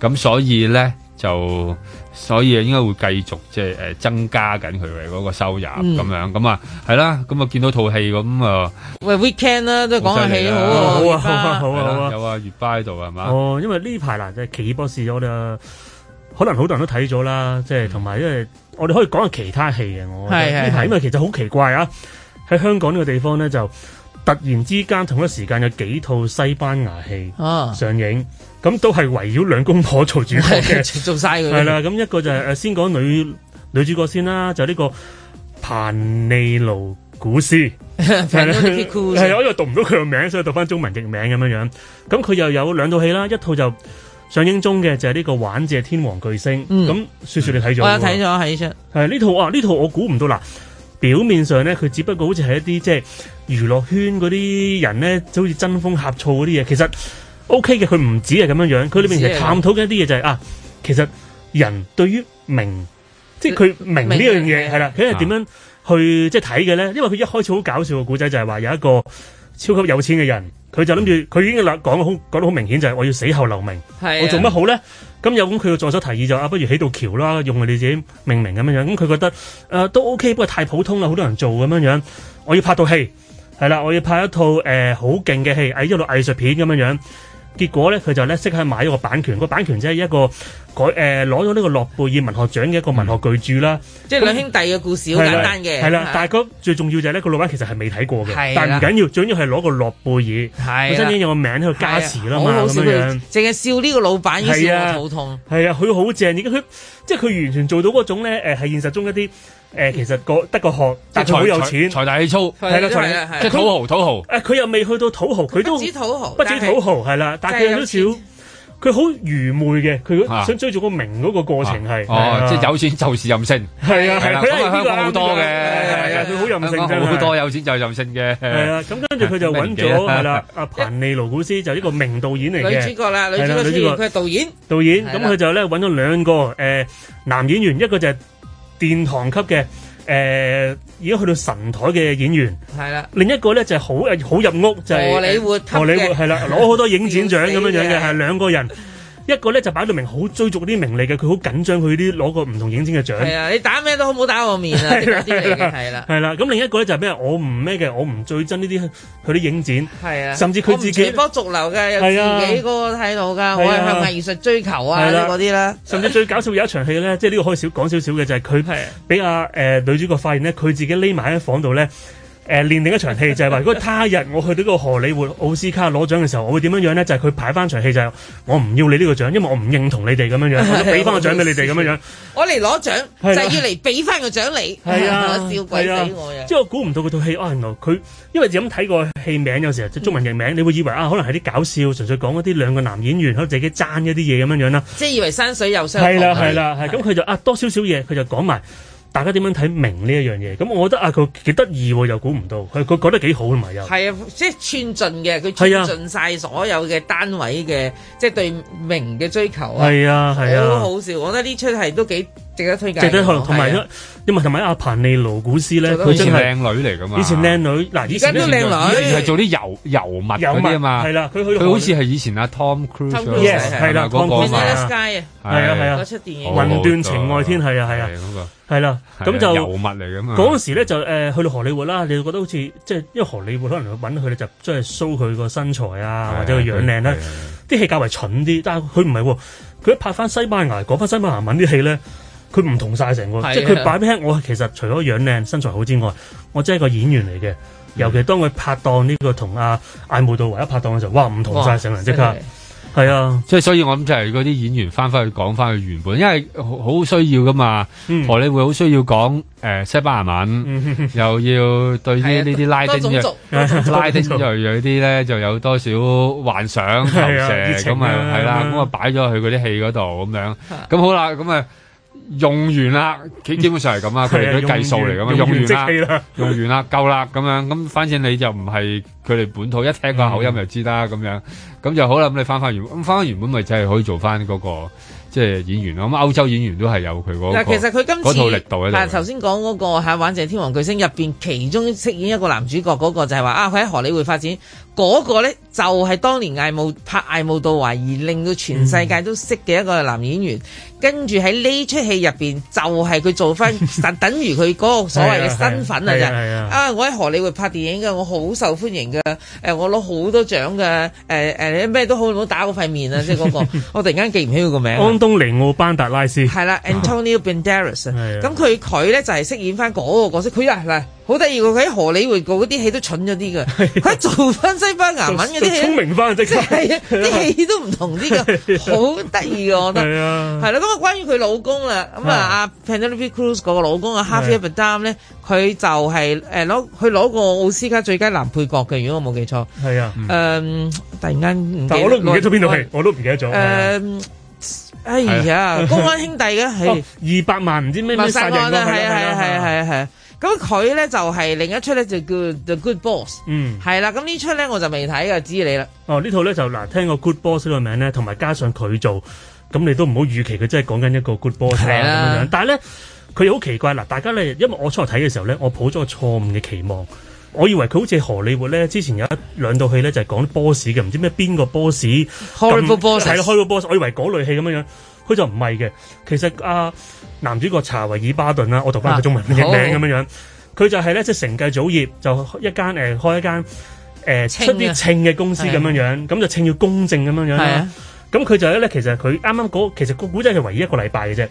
咁所以咧就所以應該會繼續即係誒增加緊佢嘅嗰個收入咁樣，咁啊係啦，咁啊見到套戲咁啊喂，Weekend 啦，都講下戲好好啊，好啊，有啊，月巴喺度係嘛？哦，因為呢排嗱，即係《奇異博士》我哋，可能好多人都睇咗啦，即係同埋因為我哋可以講下其他戲嘅，我呢排因為其實好奇怪啊，喺香港呢個地方咧就。突然之間同一時間有幾套西班牙戲上映，咁、啊、都係圍繞兩公婆做主角嘅， 做曬佢。係啦，咁一個就誒、是嗯、先講女女主角先啦，就呢、是這個《彭尼盧古詩》 古，係啊， 因為讀唔到佢個名，所以讀翻中文譯名咁樣樣。咁佢又有兩套戲啦，一套就上映中嘅就係呢、這個《玩借天王巨星》嗯，咁雪雪你睇咗？我睇咗，睇係呢套啊，呢套我估唔到嗱，表面上咧佢、啊、只不過好似係一啲即係。就是娛樂圈嗰啲人咧，就好似爭風呷醋嗰啲嘢，其實 O K 嘅。佢唔止係咁樣樣，佢裏邊其實探討緊一啲嘢就係、是、啊，其實人對於名，即係佢名呢樣嘢係啦，佢係點樣去即係睇嘅咧？因為佢一開始好搞笑嘅故仔就係話有一個超級有錢嘅人，佢、嗯、就諗住佢已經講講得好明顯，就係我要死後留名，嗯、我做乜好咧？咁、啊、有咁佢嘅助手提議就啊，不如起道橋啦，用你自己命名咁樣樣。咁佢、嗯、覺得誒都 O K，不過太普通啦，好多人做咁樣樣。我要拍到戲。係啦，我要拍一套誒好勁嘅戲，誒、呃、一套藝術片咁樣樣，結果咧佢就咧即刻買咗呢個版權，個版權即係一個改誒攞咗呢個諾貝爾文學獎嘅一個文學巨著啦，即係兩兄弟嘅故事好簡單嘅。係啦，但係佢最重要就係呢個老闆其實係未睇過嘅，但唔緊要，最緊要係攞個諾貝爾，本身已經有個名喺度加持啦，好好笑咁樣，淨係笑呢個老闆已經好痛。係啊，佢好正，而家佢即係佢完全做到嗰種咧，誒係現實中一啲。誒，其實個得個殼，但係好有錢，財大氣粗，係啦，即係土豪，土豪。誒，佢又未去到土豪，佢都不止土豪，不止土豪，係啦，但係都少。佢好愚昧嘅，佢想追逐個名嗰個過程係。哦，即係有錢就是任性。係啊，係啦，咁香港好多嘅，係啊，佢好任性，好多有錢就任性嘅。係啊，咁跟住佢就揾咗係啦，阿彭尼勞古斯就呢個名導演嚟嘅女主角啦，女主角佢導演，導演咁佢就咧揾咗兩個誒男演員，一個就係。殿堂級嘅，誒、呃，而家去到神台嘅演員，係啦的。另一個咧就係、是、好誒、呃，好入屋就係荷里活，荷里活係啦，攞好多影展獎咁樣樣嘅，係 的兩個人。一個咧就擺到明，好追逐啲名利嘅，佢好緊張佢啲攞個唔同影展嘅獎。係啊，你打咩都好，唔好打我面啊！係啦、 啊，係啦、啊，係啦、啊，咁、啊嗯、另一個咧就係咩？我唔咩嘅，我唔最憎呢啲佢啲影展。係啊，甚至佢自己，波逐流嘅，有自己嗰個態度噶，啊、我係藝術追求啊嗰啲啦。甚至最搞笑有一場戲咧，即係呢個可以少講少少嘅，小小就係佢係俾阿誒女主角發現咧，佢自己匿埋喺房度咧。呢誒、呃、練定一場戲就係、是、話，如果他日我去到個荷里活奧斯卡攞獎嘅時候，我會點樣樣咧？就係、是、佢排翻場戲就是、我唔要你呢個獎，因為我唔認同你哋咁樣樣，我俾翻個獎俾你哋咁樣樣。哎哎哎、我嚟攞獎就係、是、要嚟俾翻個獎你。係、哎、啊，笑鬼死我呀！即係我估唔到嗰套戲啊，原來佢因為只咁睇個戲名，有時候即中文譯名，你會以為啊，可能係啲搞笑，純粹講嗰啲兩個男演員喺度自己爭一啲嘢咁樣樣啦。啊、即係以為山水有相。係啦係啦係。咁佢、啊啊、就啊多少少嘢，佢就講埋。大家點樣睇明呢一樣嘢？咁、嗯、我覺得啊，佢幾得意喎，又估唔到，佢佢覺得幾好啊嘛，又係啊，即係穿盡嘅，佢穿盡曬所有嘅單位嘅，係啊、即係對明嘅追求啊，係啊，係啊，好好笑，我覺得呢出戲都幾。值得推介，值得同埋，因為同埋阿彭尼羅古斯咧，佢真係靚女嚟㗎嘛。以前靚女，嗱，而家都靚女。佢係做啲尤物嗰啲啊嘛。係啦，佢佢好似係以前阿 Tom Cruise，係啦，鋼骨啊，係啊係啊，嗰出電影《雲斷情愛天》係啊係啊，係啦。咁就尤物嚟㗎嘛。嗰陣時咧就誒去到荷里活啦，你就覺得好似即係因為荷里活可能揾佢就真係 show 佢個身材啊，或者個樣靚咧啲戲較為蠢啲，但係佢唔係喎，佢一拍翻西班牙，講翻西班牙文啲戲咧，佢唔同晒成個，即係佢擺俾我。其實除咗樣靚身材好之外，我真係一個演員嚟嘅。尤其當佢拍檔呢個同阿艾慕道唯一拍檔嘅時候，哇！唔同晒成個人，即刻係啊！即係所以，我諗就係嗰啲演員翻返去講返佢原本，因為好需要噶嘛。荷里活會好需要講誒西班牙文，又要對呢呢啲拉丁拉丁類類啲咧就有多少幻想咁啊，係啦，咁啊擺咗去嗰啲戲嗰度咁樣。咁好啦，咁啊～用完啦，基基本上係咁啊，佢哋啲計數嚟咁樣，用完啦，用完啦，夠啦咁 樣，咁反正你就唔係佢哋本土一聽個口音就知啦，咁、嗯、樣咁就好啦，咁你翻翻原，咁翻翻原本咪就係可以做翻嗰、那個即係、就是、演員咯，咁歐洲演員都係有佢嗰、那個嗰套力度喺。但係頭先講嗰個喺《玩謝天王巨星》入邊，其中飾演一個男主角嗰個就係、是、話啊，佢喺荷里活發展。嗰個咧就係當年艾慕拍《艾慕道懷》而令到全世界都識嘅一個男演員，跟住喺呢出戲入邊就係佢做翻，等等於佢嗰個所謂嘅身份啊！就啊，我喺荷里活拍電影嘅，我好受歡迎嘅，誒，我攞好多獎嘅，誒誒，咩都好，唔好打我塊面啊！即係嗰個，我突然間記唔起佢個名。安東尼奧班達拉斯係啦，Antonio Banderas。咁佢佢咧就係飾演翻嗰個角色，佢啊嚟。好得意喎！佢喺荷里活嗰啲戲都蠢咗啲噶，佢做翻西班牙文嗰啲，聰明翻即係，啲戲都唔同啲噶，好得意，我覺得係啊，係咯。咁啊，關於佢老公啦，咁啊，阿 Penelope Cruz 嗰個老公啊，Javier Bardem 咧，佢就係誒攞佢攞過奧斯卡最佳男配角嘅，如果我冇記錯係啊。誒，突然間唔記得，我都唔記得咗邊套戲，我都唔記得咗。誒，哎呀，公安兄弟嘅，二百萬唔知咩咩殺人案啊！係啊，係啊，係啊！咁佢咧就係、是、另一出咧就叫 The Good Boss，嗯，係啦，咁呢出咧我就未睇就知你啦。哦，套呢套咧就嗱，聽過 Good Boss 個名咧，同埋加上佢做，咁你都唔好預期佢真係講緊一個 Good Boss 咁、啊、的樣。但係咧，佢好奇怪，嗱，大家咧，因為我初睇嘅時候咧，我抱咗個錯誤嘅期望，我以為佢好似荷里活咧，之前有一兩套戲咧就係、是、講 boss 嘅，唔知咩邊個 boss，Horrible Boss，係開個 boss，我以為嗰類戲咁樣。佢就唔係嘅，其實阿、啊、男主角查維爾巴頓啦，我讀翻個中文嘅名咁樣樣，佢的就係咧，即係承繼祖業，就一間誒、呃、開一間誒、呃啊、出啲稱嘅公司咁樣、啊、樣，咁就稱要公正咁樣樣。咁佢就咧其實佢啱啱嗰其實個古仔係唯一一個禮拜嘅啫，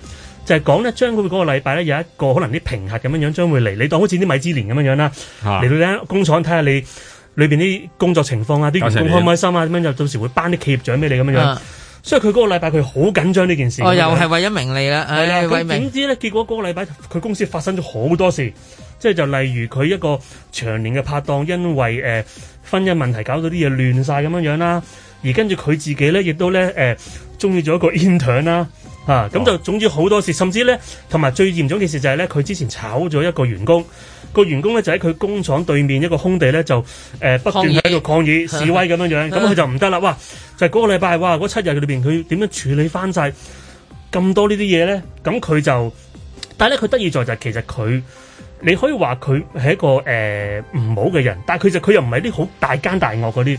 就係、是、講咧將佢嗰個禮拜咧有一個可能啲評核咁樣樣將會嚟，你當好似啲米芝蓮咁樣樣啦，嚟到咧工廠睇下你裏邊啲工作情況啊，啲員工開唔開心啊，咁樣就到時會頒啲企業獎俾你咁樣樣。啊啊所以佢嗰個禮拜佢好緊張呢件事，我又係為咗名利啦，咁點知咧？結果嗰個禮拜佢公司發生咗好多事，即係就例如佢一個長年嘅拍檔，因為誒、呃、婚姻問題搞到啲嘢亂晒咁樣樣啦，而跟住佢自己咧亦都咧誒中意咗一個 intern 啦，吓、啊、咁就總之好多事，甚至咧同埋最嚴重嘅事就係咧佢之前炒咗一個員工，個員工咧就喺佢工廠對面一個空地咧就誒、呃、不斷喺度抗議示威咁樣樣，咁佢的的就唔得啦，哇！就係嗰個禮拜，哇！嗰七日裏邊，佢點樣處理翻晒咁多呢啲嘢咧？咁、嗯、佢就，但係咧，佢得意在就係、是、其實佢，你可以話佢係一個誒唔、呃、好嘅人，但係其實佢又唔係啲好大奸大惡嗰啲。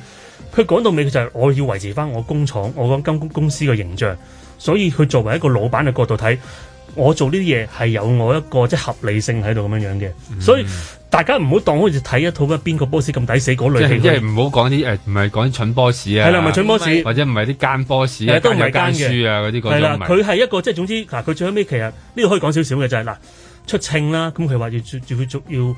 佢講到尾、就是，佢就係我要維持翻我工廠、我嗰間公司嘅形象，所以佢作為一個老闆嘅角度睇。我做呢啲嘢係有我一個即係合理性喺度咁樣樣嘅，嗯、所以大家唔好當好似睇一套乜邊個 boss 咁抵死嗰類，即係唔好講啲誒、唔係講啲蠢 boss 啊，係啦，唔係蠢 boss 或者唔係啲奸 boss，都唔係奸啲係啦，佢係一個即係總之嗱，佢最後尾其實呢個可以講少少嘅就係嗱，出稱啦，咁佢話要要要。要要要要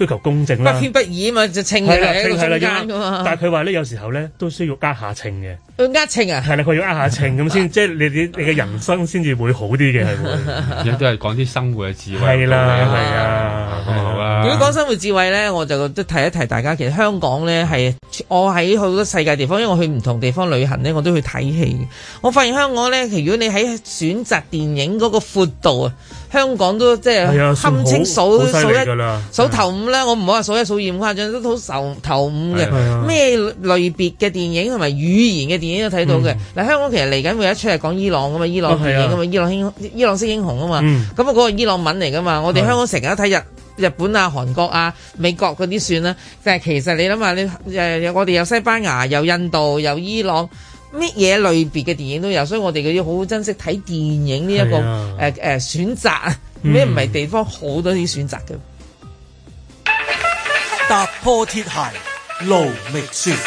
追求公正啦，不偏不倚嘛，就稱嘅喺中間。但係佢話咧，有時候咧都需要加下稱嘅。要加稱啊？係、呃、啦，佢、呃、要加下稱咁先，即係、 就是、你啲你嘅人生先至會好啲嘅，係咪？而家 都係講啲生活嘅智慧。係啦，係啊，好啦。如果講生活智慧咧，我就都提一提大家。其實香港咧係，我喺好多世界地方，因為我去唔同地方旅行咧，我都去睇戲。我發現香港咧，其實如果你喺選擇電影嗰個闊度啊。香港都即係堪稱數數一數頭五啦，我唔好話數一數二咁誇張，都好受頭五嘅。咩類別嘅電影同埋語言嘅電影都睇到嘅。嗱，香港其實嚟緊會有一出係講伊朗㗎嘛，伊朗電影㗎嘛，伊朗英雄，伊朗式英雄啊嘛。咁啊，嗰個伊朗文嚟㗎嘛。我哋香港成日都睇日日本啊、韓國啊、美國嗰啲算啦，但係其實你諗下，你誒我哋有西班牙、有印度、有伊朗。乜嘢類別嘅電影都有，所以我哋要好好珍惜睇電影呢一個誒誒選擇啊！咩唔係地方好多啲選擇嘅。嗯、踏破鐵鞋無覓處。勞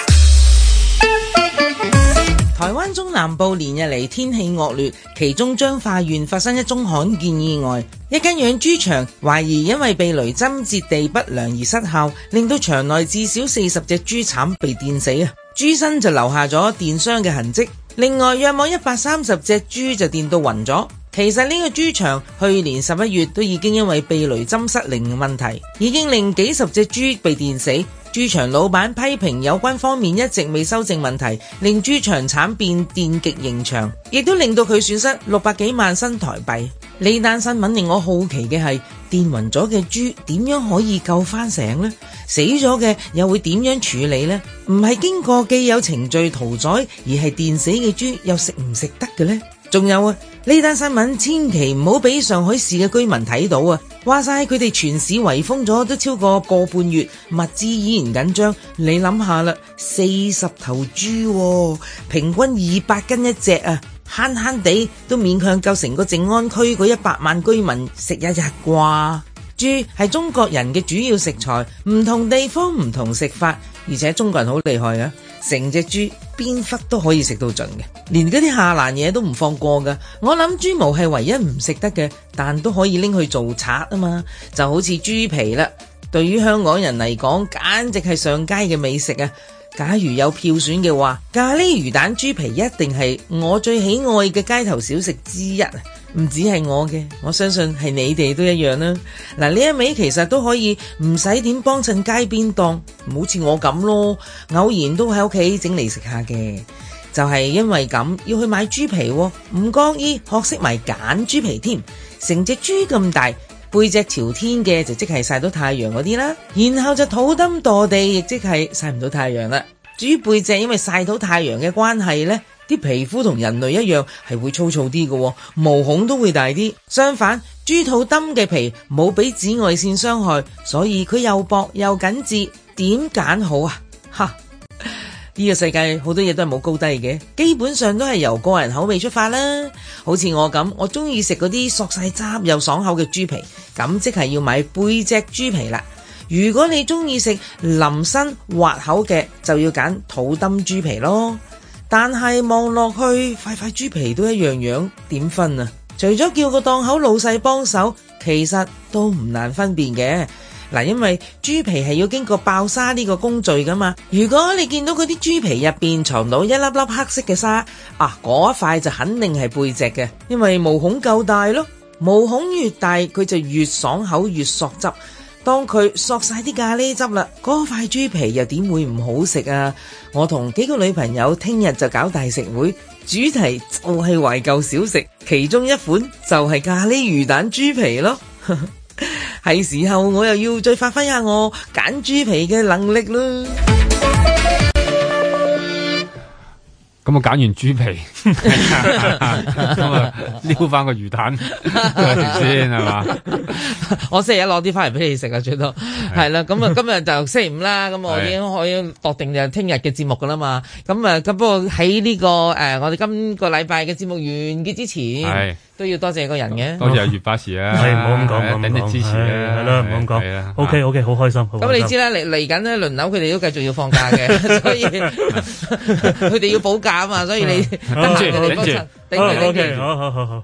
台灣中南部連日嚟，天氣惡劣，其中彰化縣發生一宗罕見意外，一間養豬場懷疑因為避雷針接地不良而失效，令到場內至少四十隻豬慘被電死啊！豬身就留下咗電傷嘅痕跡，另外約莫一百三十隻豬就電到暈咗。其實呢個豬場去年十一月都已經因為避雷針失靈嘅問題，已經令幾十隻豬被電死。豬場老闆批評有關方面一直未修正問題，令豬場慘變電極刑場，亦都令到佢損失六百幾萬新台幣。呢單新聞令我好奇嘅係，電暈咗嘅豬點樣可以救翻醒呢？死咗嘅又會點樣處理呢？唔係經過既有程序屠宰而係電死嘅豬，又食唔食得嘅呢？仲有啊！呢單新聞千祈唔好俾上海市嘅居民睇到啊！話晒佢哋全市圍封咗都超過個半月，物資依然緊張。你諗下啦，四十頭豬，平均二百斤一隻啊，慳慳地都勉強夠成個靜安區嗰一百萬居民食一日啩？豬係中國人嘅主要食材，唔同地方唔同食法，而且中國人好厲害啊，成隻豬。邊忽都可以食到盡嘅，連嗰啲下欄嘢，都唔放過㗎。我諗豬毛係唯一唔食得嘅，但都可以拎去做刷吖嘛，就好似豬皮啦。對於香港人嚟講，簡直係上街嘅美食啊！假如有票選嘅話，咖喱魚蛋豬皮一定係我最喜愛嘅街頭小食之一。唔止係我嘅，我相信係你哋都一樣啦。嗱，呢一味其實都可以唔使點幫襯街邊檔，唔好似我咁。咯偶然都喺屋企整嚟食下嘅，就係因為咁要去買豬皮，唔光意學識埋揀豬皮添，成隻豬咁大，背脊朝天嘅就即係曬到太陽嗰啲啦，然後就肚墩墮地，亦即係曬唔到太陽啦。至於背脊，因為曬到太陽嘅關係呢。啲皮膚同人類一樣係會粗糙啲嘅，哦，毛孔都會大啲。相反，豬肚燈嘅皮冇俾紫外線傷害，所以佢又薄又緊致。點揀好啊？哈！呢、這個世界好多嘢都係冇高低嘅，基本上都係由個人口味出發啦。好似我咁，我中意食嗰啲索晒汁又爽口嘅豬皮，咁即係要買背脊豬皮啦。如果你中意食腍身滑口嘅，就要揀肚燈豬皮咯。但係望落去，塊塊豬皮都一樣樣，點分啊？除咗叫個檔口老細幫手，其實都唔難分辨嘅。嗱，因為豬皮係要經過爆沙呢個工序噶嘛。如果你見到嗰啲豬皮入邊藏到一粒粒黑色嘅沙啊，嗰塊就肯定係背脊嘅，因為毛孔夠大咯。毛孔越大，佢就越爽口，越索汁。當佢索晒啲咖喱汁啦，嗰塊豬皮又點會唔好食啊？我同幾個女朋友聽日就搞大食會，主題就係懷舊小食，其中一款就係咖喱魚蛋豬皮咯。係 時候，我又要再發揮下我揀豬皮嘅能力咯。咁我揀完豬皮，咁 啊ノ 撩翻個魚蛋 先係嘛？ 我星期一攞啲翻嚟俾你食啊，最多係啦。咁 啊是，今日就星期五啦。咁我已經可以確定就聽日嘅節目㗎啦嘛。咁啊的，不過喺呢、這個誒、呃，我哋今個禮拜嘅節目完結之前，都要多謝個人嘅，多謝阿月八時啊，係唔好咁講，等你支持啊，係咯，唔好咁講，OK OK，好開心。咁你知啦，嚟嚟緊咧輪樓，佢哋都繼續要放假嘅，所以佢哋要補假啊嘛，所以你等住，等住，好好好好。